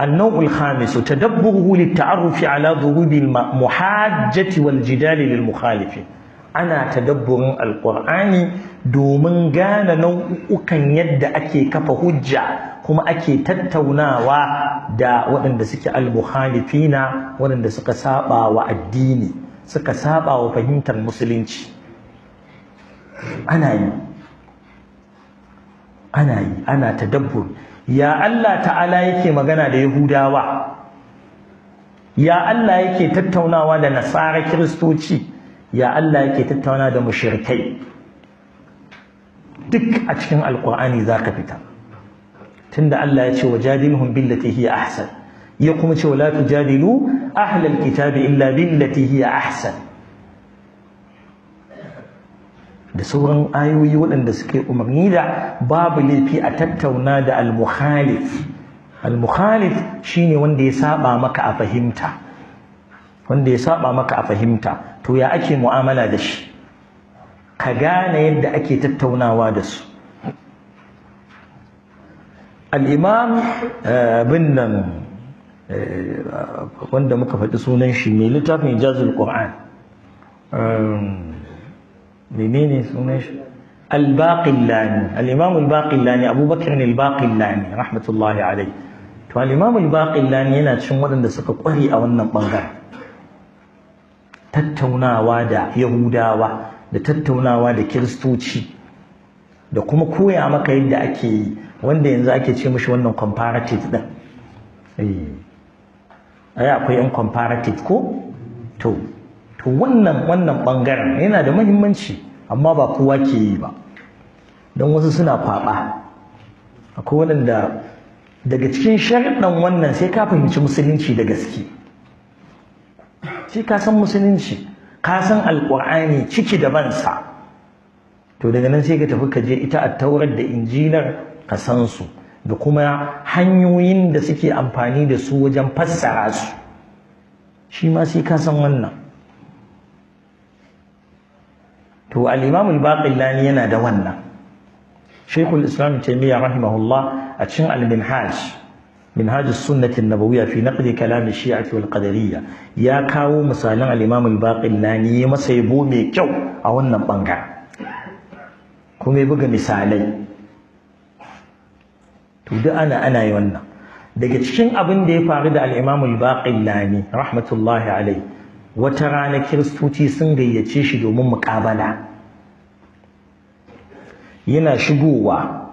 النوع الخامس تدبره للتعرف على ضروب المحاجة والجدال للمخالفين أنا تدبر القرآن domin gane nau'ukan yadda ake kafa hujja kuma ake tattaunawa da waɗanda suke almuhalifina waɗanda suka saba wa addini suka saba wa fahimtar musulunci ana yi ana yi ana tadabbur ya Allah ta'ala yake magana da yahudawa ya Allah yake tattaunawa da nasara kiristoci ya Allah yake tattaunawa da mushrikai duk a cikin alkur'ani za ka fita tunda Allah ya ce wa jadilhum billati hiya ahsan ya kuma ce wa wala tujadilu ahlal kitabi illa billati hiya ahsan da sauran ayoyi waɗanda suke umarni da babu laifi a tattauna da al-mukhalif al-mukhalif shine wanda ya saba maka a fahimta wanda ya saba maka a fahimta to ya ake mu'amala da shi ka gane yadda ake tattaunawa da su al'imam eh, bin nan eh, wanda muka faɗi sunan shi mai littafin ijazul ƙur'an um, menene sunan shi al-baqillani al'imam imam al-baqillani abubakar ne al-baqillani rahmatullahi alai to al'imam imam al-baqillani yana cin waɗanda suka ƙware a wannan ɓangare tattaunawa da yahudawa da tattaunawa da kiristoci da kuma koya maka yadda ake yi wanda yanzu ake ce mishi wannan comparative din eh, ai akwai yan comparative ko to to wannan wannan bangaren yana da mahimmanci amma ba kowa ke yi ba don wasu suna kwaba akwai waɗanda daga cikin sharɗan wannan sai ka fahimci musulunci da gaske sai ka san musulunci ka san Alƙur'ani ciki da bansa to daga nan sai ka tafi ka je ita a taurar da injilar ka san su da kuma hanyoyin da suke amfani da su wajen fassara su shi ma sai ka san wannan to al-imam al-baqillani yana da wannan shaykhul islam taymiya rahimahullah a cikin al-minhaj منهاج السنة النبوية في نقد كلام الشيعة والقدرية يا كاو مثلا الإمام الباقلاني ما سيبومي كيو أو النبانجا كم يبقى مثالي تود أنا أنا يونا daga cikin abin da ya faru da al baƙin al-Baqillani rahmatullahi alayhi wata rana kiristoci sun gayyace shi domin muƙabala yana shigowa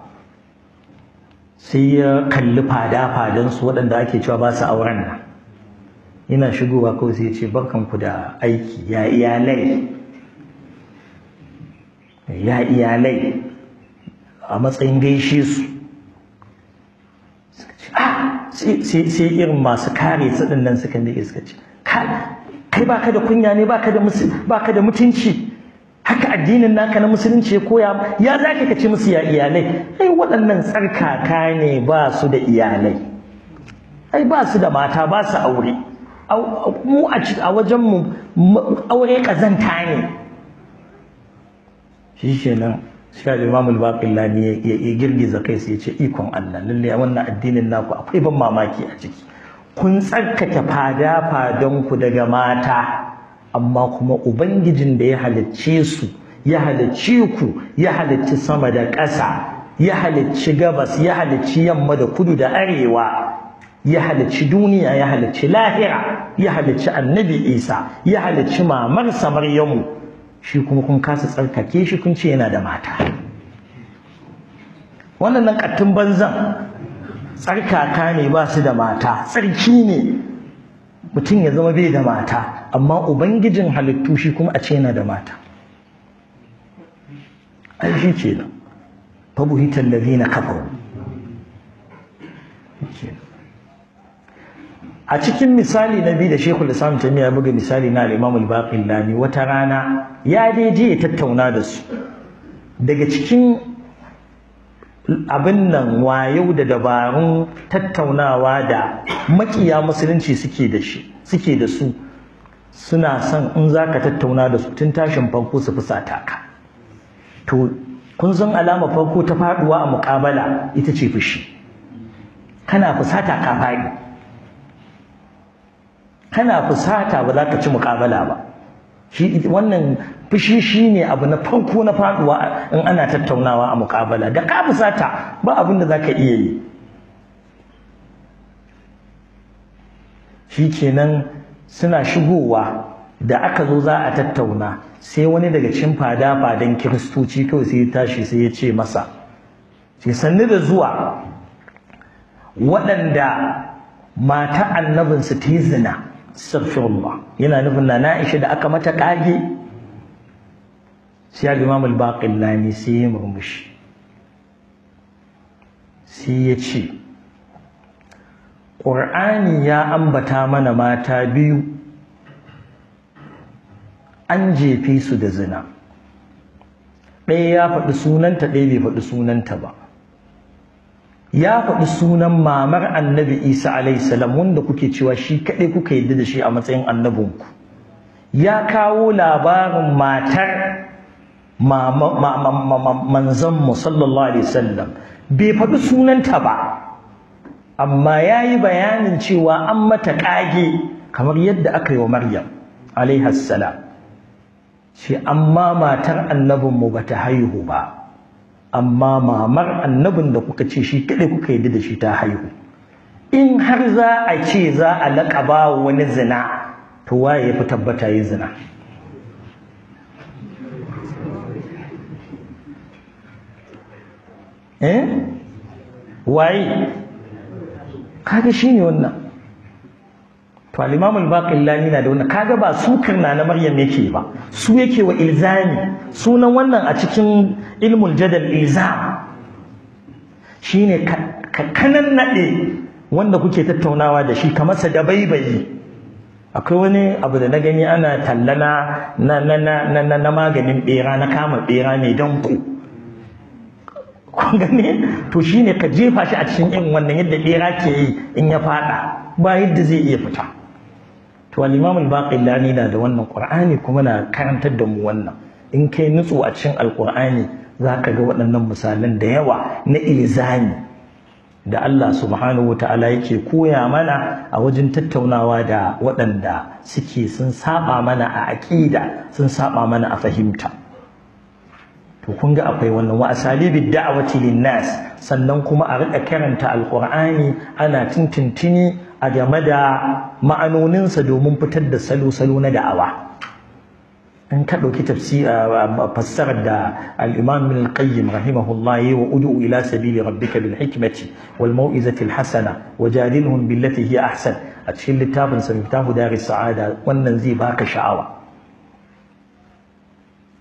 sai ya kalli fada fadansu waɗanda ake cewa ba su auren nan yana shigowa kawai sai ce barkanku da aiki ya iyalai ya iyalai a matsayin gaishe su ah, sai irin masu kare su nan suka ne suka ce kai ba da kunya ne ba da mutunci ka addinin naka na musulunci ya koya ya za ka ce musu ya iyalai ai waɗannan tsarkaka ne ba su da iyalai ai ba su da mata ba su aure mu a wajen mu aure ƙazanta ne shi kenan shi al-imam al Lami ya girgiza kai su ya ce ikon Allah lalle wannan addinin naku akwai ban mamaki a ciki kun tsarkake fada fadanku daga mata amma kuma ubangijin da ya halicce su ya halicce ku ya halicci sama da ƙasa ya halicci gabas ya halicci yamma da kudu da arewa ya halicci duniya ya halicci lahira ya halicci annabi isa ya halicci mamarsa maryamu shi kuma kun kasa tsarkake shi kun ce yana da mata wannan nan ƙattun banzan tsarkaka ne ba su da mata tsarki ne mutum ya zama bai da mata amma ubangijin halittu shi kuma a ce yana da mata ai shi ce nan fabuhitan da zina kafaru a cikin misali na biyu da da samun tamiya ya buga misali na alimamul baƙin Lami wata rana ya daidai ya tattauna da su daga cikin abin nan wayau da dabarun tattaunawa da makiya musulunci suke da su suna son in zaka tattauna da su tun tashin farko su fusata ka to kun san alama farko ta faduwa a muƙabala ita ce fushi kana fusata ka faɗi kana fusata ba za ka ci mukabala ba wannan fushi shine abu na farko na faduwa in ana tattaunawa a muƙabala da ka fusata ba abin da zaka iya yi Shi kenan. suna shigowa da aka zo za a tattauna sai wani daga cikin fada fadan kiristoci kawai sai ya tashi sai ya ce masa ce sanni da zuwa waɗanda mata annabinsu ta yi zina ba. yana nufin na na'isha da aka mata ƙage sai al-imam baƙin Lami sai ya murmushi sai ya ce ƙur'ani ya ambata mana mata biyu an jefe su da zina ɗaya ya faɗi sunanta ɗaya bai faɗi sunanta ba ya faɗi sunan mamar annabi isa alaihissalam wanda kuke cewa shi kaɗai kuka yi da shi a matsayin annabinku ya kawo labarin matar manzanmu sallallahu alaihi wasallam bai faɗi sunanta ba amma ya yi bayanin cewa an mata ƙage kamar yadda aka yi wa maryam alaihassalam ce amma matar annabinmu ba ta haihu ba amma mamar annabin da kuka ce shi kaɗai kuka yi da shi ta haihu in har za a ce za a laƙaba wani zina to waye ya fi tabbata yi zina eh waye kaga shine wannan to al-imam al-baqillani na da wannan kaga ba sukar na na maryam yake ba su yake wa ilzami sunan wannan a cikin ilmul jadal ilzam shine ka kanan nade wanda kuke tattaunawa da shi kamar sa da akwai wani abu da na gani ana tallana na na na na maganin bera na kama bera mai danko kun gane to shine ka jefa shi a cikin irin wannan yadda ɗera ke yi in ya fada ba yadda zai iya fita to al-imam al-baqillani na da wannan qur'ani kuma na karantar da mu wannan in kai nutsu a cikin za ka ga waɗannan misalan da yawa na ilzami da Allah subhanahu wata'ala yake koya mana a wajen tattaunawa da waɗanda suke sun saba mana a aƙida sun saba mana a fahimta to kun ga akwai wannan wa asalibi da'awati linnas sannan kuma a rika karanta alqur'ani ana tintintini a game da ma'anoninsa domin fitar da salo-salo na da'awa in ka ɗauki fassarar da al'imam min al-qayyim rahimahullah yi wa udu ila sabili rabbika bil hikmati wal mau'izati al-hasana wa billati hiya ahsan a cikin littafin sa miftahu daris sa'ada wannan zai baka sha'awa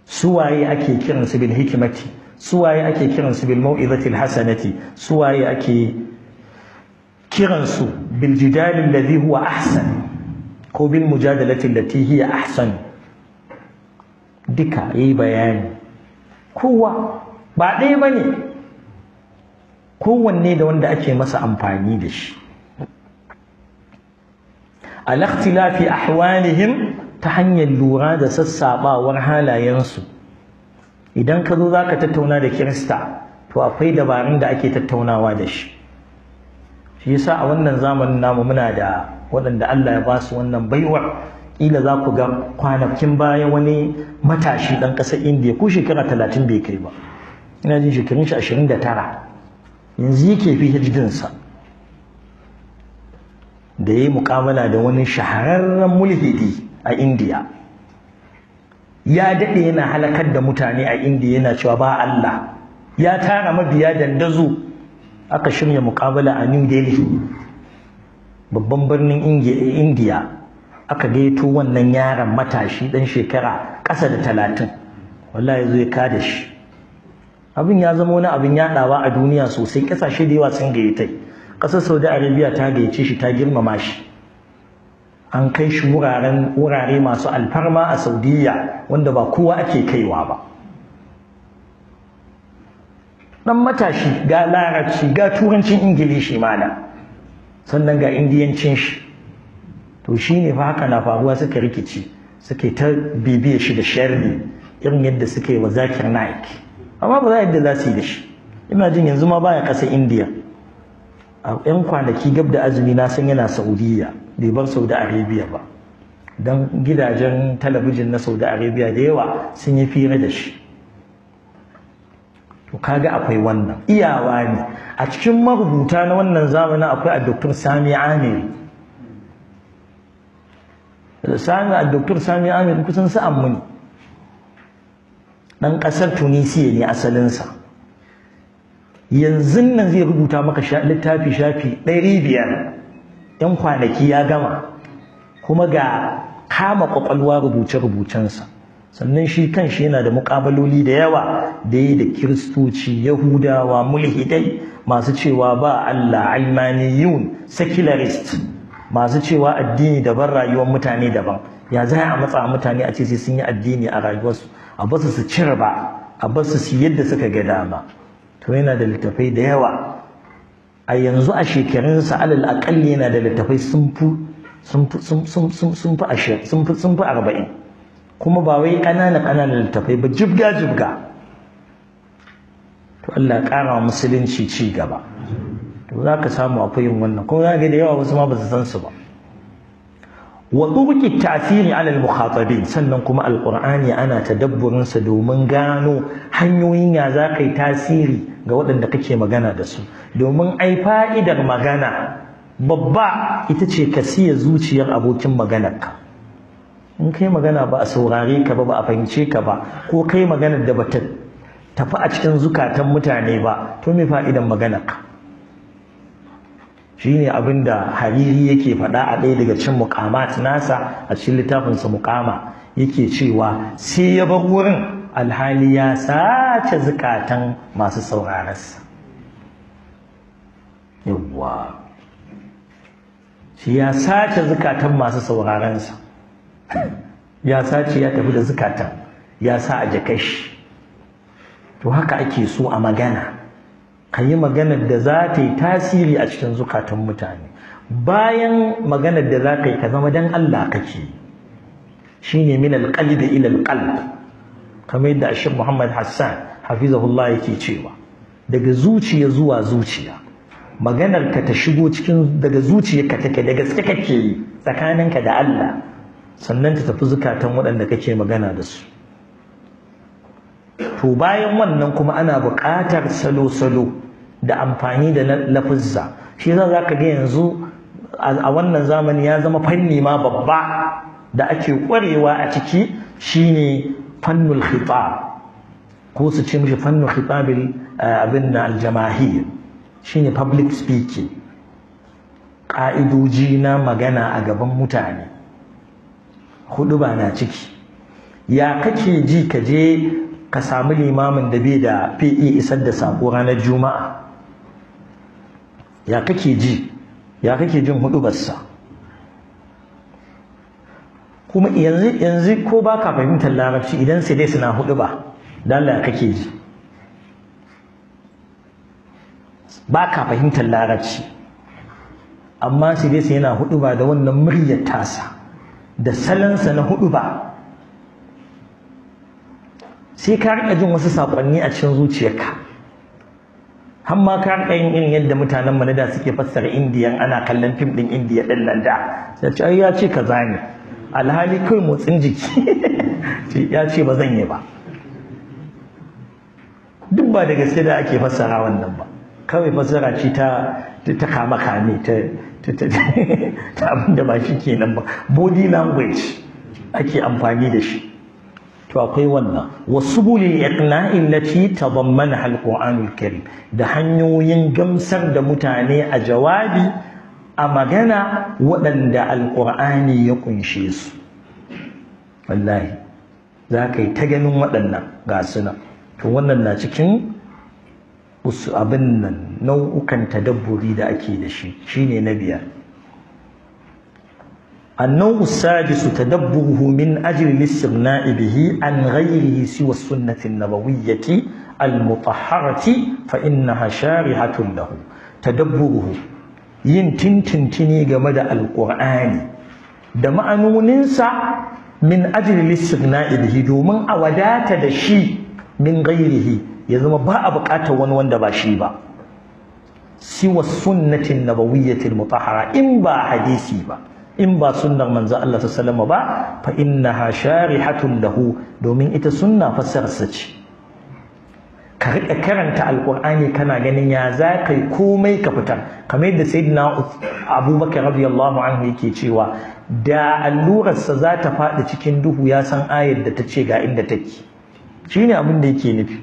suwaye ake kiransu bil hikimati suwaye ake kiransu bil mau'izatil hasanati suwaye ake kiransu bil jidal alladhi huwa ahsan ko bil mujadalati allati hiya ahsan duka yi bayani kowa ba ɗaya bane kowanne da wanda ake masa amfani da shi al-ikhtilafi ahwalihim ta hanyar lura da sassaɓawar halayensu idan ka zo za ka tattauna da kirista to akwai dabarun da ake tattaunawa da shi shi yasa a wannan zamanin namu muna da waɗanda Allah ya ba su wannan baiwar ƙila za ku ga kwanakin baya wani matashi ɗan ƙasar indiya ko shekara talatin bai kai ba ina jin shekarun shi ashirin da tara yanzu yake PhD-sa da ya yi muƙamala da wani shahararren mulhidi a indiya ya daɗe yana halakar da mutane a indiya yana cewa ba allah ya tara mabiya dandazo aka shirya mukabala a new delhi babban birnin indiya aka gaito wannan yaron matashi ɗan shekara ƙasa da talatin ya wallahi ya kada shi abin ya zama wani abin yaɗawa a duniya sosai ƙasashe da yawa sun gayyata, ƙasar saudi arabia ta gayyace shi ta girmama shi an kai shi wurare masu alfarma a Saudiyya wanda ba kowa ake kaiwa ba dan matashi ga larabci ga turancin ingilishi mana sannan ga indiyancin shi to shi ne fa haka na faruwa suka rikici suka ta bibiye shi da sharri irin yadda suka yi wa Zakir Naik amma ba za yadda za su yi da shi ina jin yanzu ma baya ƙasar Indiya a yan kwanaki gab da azumi na san yana saudiya bai bar saudi arabia ba don gidajen talabijin na saudi arabia da yawa sun yi fira da shi to kaga akwai wannan iyawa ne a cikin marubuta na wannan zamanin akwai a doktor sami amiri sami a doktor sami amiri kusan sa'an muni ɗan ƙasar tunisiya ne asalinsa yanzu nan zai rubuta maka littafi shafi ɗari biyar ‘yan kwanaki ya gama kuma ga kama ƙwaƙwalwa rubuce-rubucensa sannan shi kan shi yana da muƙabaloli da yawa da yi da kiristoci yahudawa mulhidai masu cewa ba Allah almaniyun secularist masu cewa addini daban rayuwar mutane daban ya za a matsa mutane a ce sai sun yi addini a rayuwarsu a basu su cire ba a basu su yadda suka ga dama to yana da littafai da yawa a yanzu a shekarunsa alal aƙalli yana da littafai sun fi arba'in kuma ba wai ƙananan ƙananan littafai ba jibga jibga to Allah ƙara wa musulunci ci gaba to za ka samu akwai yin wannan kuma za da yawa wasu ma ba su san su ba wa turki tasiri alal mukhatabin sannan kuma Alƙur'ani ana ta sa domin gano hanyoyin ya za ka yi tasiri ga waɗanda kake magana da su domin ai fa'idar magana babba ita ce ka siya zuciyar abokin maganarka in kai magana ba a saurare ka ba ba a fahimce ka ba ko kai maganar da bata tafi a cikin zukatan mutane ba to me fa'idan maganarka shine abin da hariri yake faɗa a ɗaya daga cin mukamat nasa a cikin littafinsa muƙama yake cewa sai ya bar wurin alhali ya sace zukatan masu saurararsa yawwa shi ya sace zukatan masu sauraransa ya sace ya tafi da zukatan ya sa a jakashi to haka ake so a magana ka yi maganar da za ta yi tasiri a cikin zukatan mutane bayan maganar da za ka yi ka zama don Allah kake shi ne min alƙalbi ila alƙalbi kamar yadda ashir muhammad hassan hafizahullah yake cewa daga zuciya zuwa zuciya maganar ka ta shigo cikin daga zuciyarka take da gaske kake yi tsakaninka da Allah sannan ta tafi zukatan waɗanda kake magana da su to bayan wannan kuma ana buƙatar salo-salo da amfani da lafizza shi yasa zaka ga yanzu a wannan zamani ya zama fanni ma babba da ake kwarewa a ciki shine Fannu khitab ko su ce mishi fannul khitabil eh, abin na Shi shine public speaking ƙa'idoji na magana a gaban mutane hudu ba na ciki ya kake ji ka je ka sami limamin da bai da fe isar da sako ranar juma'a ya kake ji ya kake jin hudu kuma yanzu yanzu ko ba ka fahimtar larabci idan sai dai suna hudu ba dan Allah kake ji ba ka fahimtar larabci amma sai dai yana hudu ba da wannan muryar tasa da salansa na hudu ba sai ka rika jin wasu sakonni a cikin zuciyarka har ma ka rika yin irin yadda mutanen manada suke fassara indiyan ana kallon fim din indiya din nan da sai ya ce kaza ne alhali kawai motsin jiki ya ce ba zan yi ba duk ba da gaske da ake fassara wannan ba kawai fassara ce ta ta kama kame ta ta abin da ba shi kenan ba body language ake amfani da shi to akwai wannan wasu bulil iqna'in lati tadammana alquranul karim da hanyoyin gamsar da mutane a jawabi a magana waɗanda alƙur'ani ya ƙunshe su wallahi za ka yi ta ganin waɗannan gasuna. to wannan na cikin usu abin nan nau'ukan tadabburi da ake da shi shine na biyar annan usajisu tadabburu min ajin lissir na'ibihi an ghairihi siwa sunnatin nabawiyyati al-mutahharati fa inna hasharihatun lahu tadabburu yin tintintini game da alƙur'ani da ma'anoninsa min ajli na domin a wadata da shi min ghairihi ya zama ba a buƙatar wani wanda ba shi ba siwa sunnatin nabawiyyatil mutahara in ba hadisi ba in ba sunnar manzo Allah sallallahu alaihi wasallam ba fa innaha sharihatun lahu domin ita sunna fasarsa ce ka riƙa karanta alƙur'ani kana ganin ya za ka yi komai ka fita. kamar yadda sayyidina abubakar radiyallahu anhu yake cewa da allurarsa za ta faɗi cikin duhu ya san ayar da ta ce ga inda take ne abin da yake nufi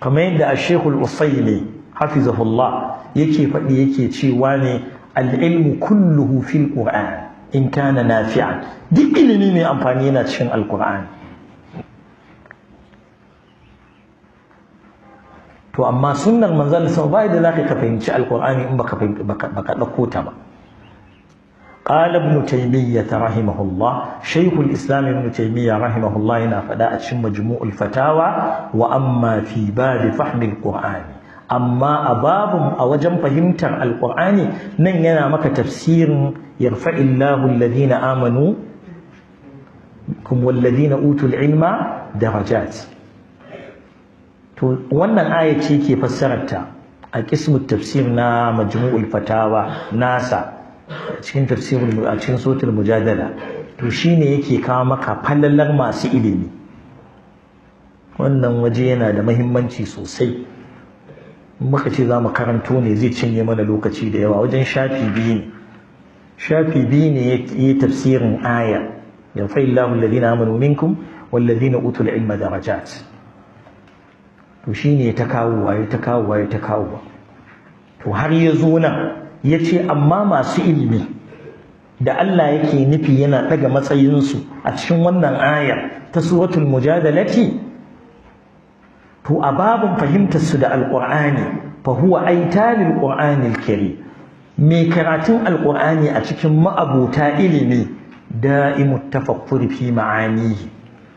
kamar yadda ne usaili hafizahullah yake faɗi yake cewa ne al'ilmu kulluhu fil qur'an in kana nafi'an duk ilimi mai amfani yana cikin Alƙur'ani. to amma sunnar manzon sama ba da zaka ka fahimci alqur'ani in baka baka dauko ta ba قال ابن تيمية رحمه الله شيخ الإسلام ابن تيمية رحمه الله هنا فدا أتشم مجموع الفتاوى وأما في باب فهم القرآن أما أباب أوجم فهمت القرآن نن ينا مك تفسير يرفع الله الذين آمنوا كم والذين أوتوا العلم درجات to wannan aya ce ke fassararta a qismu tafsir na majmu'ul fatawa nasa cikin tafsirul a cikin sotul mujadala to shine yake kawo maka fallalar masu ilimi wannan waje yana da mahimmanci sosai muka ce za mu karanto ne zai cinye mana lokaci da yawa wajen shafi biyu ne shafi biyu ne ya yi tafsirin aya ya fa'illahu alladhina amanu minkum والذين أوتوا العلم درجات to shine ta kawowa ya ta kawowa ya ta kawowa to har ya zo nan ya ce amma masu ilimi da Allah yake nufi yana ɗaga matsayinsu a cikin wannan ayar ta suratul mujadalati to a babin fahimtarsu da alƙur'ani fa huwa aitalil qur'anil karim mai karatun alƙur'ani a cikin ma'abota ilimi da'imu tafakkuri fi ma'anihi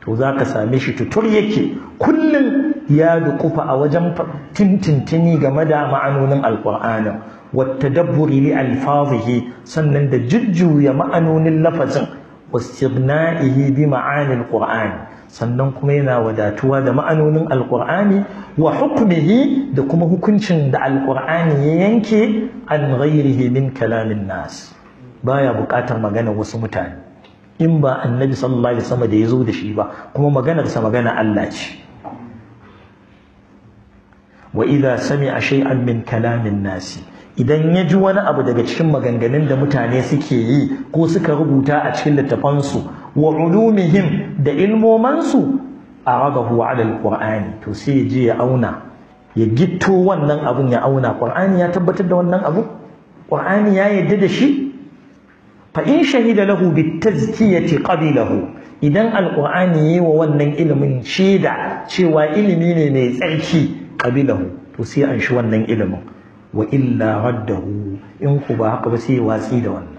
to zaka same shi tutur yake kullum ya dukufa a wajen tintintini game da ma'anonin alƙur'anin wata dabburi li alfazihi sannan da jujjuya ma'anonin lafazin wastirna'ihi bi ma'anil qur'ani sannan kuma yana wadatuwa da ma'anonin Alƙur'ani, wa hukmihi da kuma hukuncin da Alƙur'ani ya yanke an ghairihi min kalamin nas baya buƙatar magana wasu mutane in ba annabi sallallahu alaihi wasallam da yazo da shi ba kuma maganarsa magana Allah ce wa idza sami'a shay'an min kalamin nasi idan ya ji wani abu daga cikin maganganun da mutane suke yi ko suka rubuta a cikin littafansu wa ulumihim da ilmomansu arabahu ala alqur'ani to sai ya je ya auna ya gitto wannan abun ya auna qur'ani ya tabbatar da wannan abu qur'ani ya yadda da shi fa in shahida lahu tazkiyati qabilahu idan alqur'ani yi wa wannan ilimin shaida cewa ilimi ne mai tsarki qabilahu to sai an shi wannan ilimin wa illa raddahu in ku ba haka ba sai watsi da wannan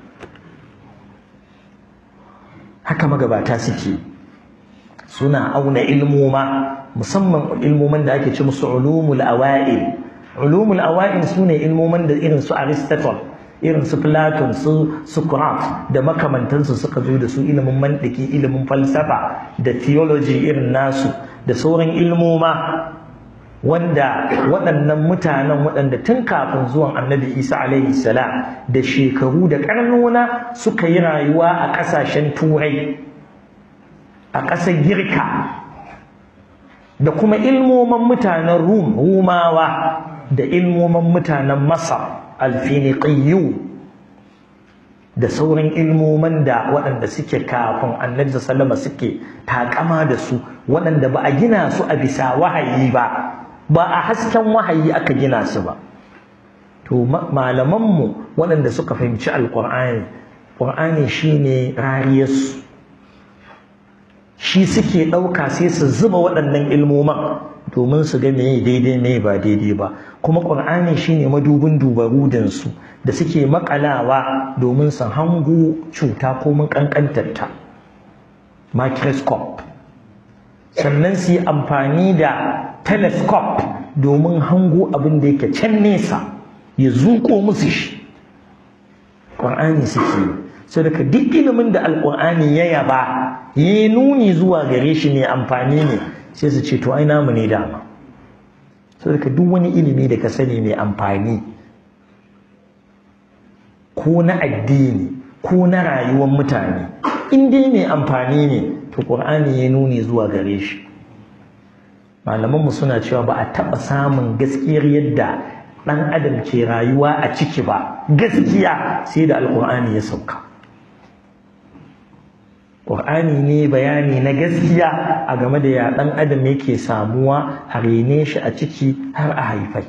haka magabata suke suna auna ilmoma musamman ilmoman da ake ce musu ulumul awa'il ulumul awa'il sune ilmoman da irin su aristotle irin su platon su socrates da makamantansu suka zo da su ilimin mantiki ilimin falsafa da theology irin nasu da sauran ilmoma wanda waɗannan mutanen waɗanda tun kafin zuwan annabi isa alaihi salam da shekaru da ƙarnona suka yi rayuwa a ƙasashen turai a ƙasar girka da kuma ilmoman mutanen rum rumawa da ilmoman mutanen masar alfiniqiyu da sauran ilmoman da waɗanda suke kafin annabi salama suke taƙama da su waɗanda ba a gina su a bisa wahayi ba ba a hasken wahayi aka gina su ba to malamanmu waɗanda suka fahimci alƙur'ani ƙur'ani shine rariyarsu shi suke ɗauka sai su zuba waɗannan ilmoman domin su ga meye daidai ne ba daidai ba kuma ƙur'ani shine madubin dubarudinsu da suke maƙalawa domin su hango cuta ko mun ƙanƙantarta microscope sannan su yi amfani da telescope domin hango abin da yake can nesa ya zuƙo musu shi ƙur'ani suke yi so daga duk ilimin da alƙur'ani ya yaba ya nuni zuwa gare shi mai amfani ne sai su ce to ai namu ne dama so daga duk wani ilimi da ka sani mai amfani ko na addini ko na rayuwar mutane in dai mai amfani ne to Qur'ani ya nuni zuwa gare shi malamanmu suna cewa ba a taɓa samun gaskiyar yadda ɗan adam ke rayuwa a ciki ba gaskiya sai da alƙur'ani ya sauka ƙur'ani ne bayani na gaskiya a game da ya ɗan adam yake samuwa a rene shi a ciki har a haifai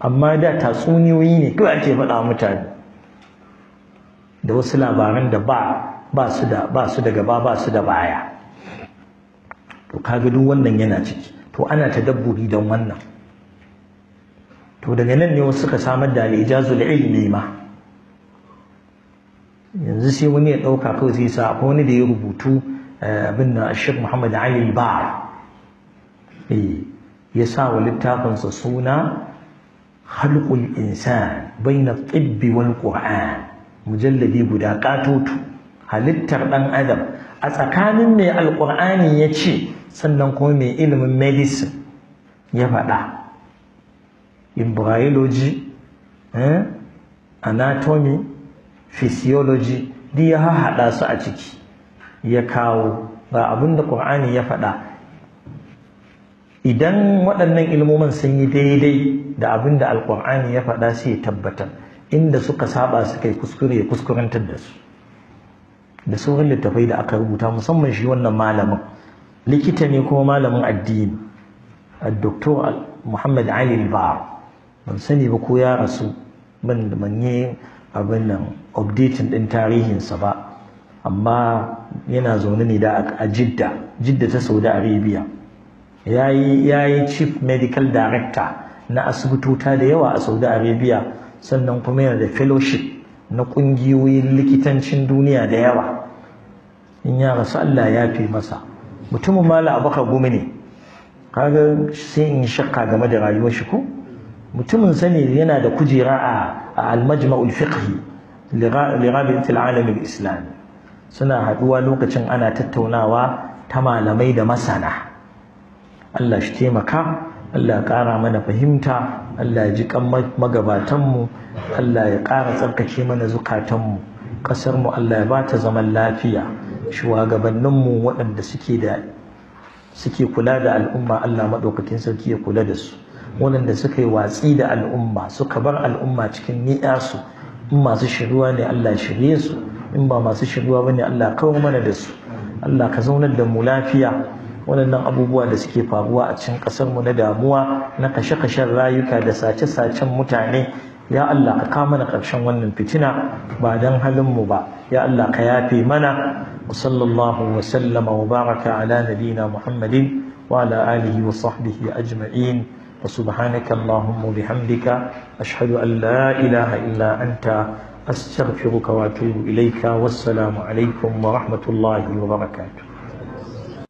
amma da tatsuniyoyi ne kawai ake faɗa mutane da wasu labaran da ba ba su da ba su da gaba ba su da baya to kaga duk wannan yana ciki to ana tadabburi don wannan to daga nan ne wasu suka samar da al-ijazul ilmi ma yanzu sai wani ya dauka kawai sai sa akwai wani da ya rubutu eh, abin da Sheikh Muhammad Ali ba. eh ya sa wa littafinsa suna خلق الإنسان بين الطب والقرآن mujalladi guda katutu. halittar ɗan adam a tsakanin mai alƙur'ani ya ce sannan kuma mai ilimin medicine ya faɗa in eh, anatomy physiology duk ya haɗa su a ciki ya kawo ga abin da ƙur'ani ya faɗa idan waɗannan ilmomin sun yi daidai da abin da alƙur'ani ya faɗa su ya tabbatar inda suka saba suka yi kuskure ya kuskurantar da su da sauran littafai da aka rubuta musamman shi wannan malamin likita ne kuma malamin addini al-doktor muhammad ali bar ban sani ba ko ya rasu ban da manye abin nan updating din tarihinsa ba amma yana zaune ne da a jidda jidda ta saudi arabia ya yi chief medical director na asibitota da yawa a saudi arabia sannan kuma yana da fellowship na ƙungiyoyin likitancin duniya da yawa in ya rasu Allah ya fi masa mutumin mala abaka gumi ne kaga sai in shakka game da rayuwar shi ko mutumin sani yana da kujera a al-majma'ul fiqhi li alamin islam suna haduwa lokacin ana tattaunawa ta malamai da masana Allah shi taimaka Allah ƙara mana fahimta Allah ya ji kan magabatanmu Allah ya ƙara tsarkake mana zukatanmu ƙasarmu Allah ya ba ta zaman lafiya shugabanninmu waɗanda suke da suke kula da al'umma Allah maɗaukakin sarki ya kula da su waɗanda suka yi watsi da al'umma suka bar al'umma cikin ni'asu in masu shiruwa ne Allah shirye su in ba masu shiruwa ne, Allah kawo mana da su Allah ka zaunar da mu lafiya waɗannan abubuwa da suke faruwa a cikin ƙasarmu na damuwa na kashe-kashen rayuka da sace-sacen mutane ya Allah ka kama na ƙarshen wannan fitina ba don halinmu ba ya Allah ka yafe mana wa sallallahu wa sallama wa baraka ala nabina muhammadin wa ala alihi wa sahbihi ajma'in wa subhanaka allahumma bihamdika ashhadu an la ilaha illa anta astaghfiruka wa atubu ilayka wassalamu alaikum wa rahmatullahi wa barakatuh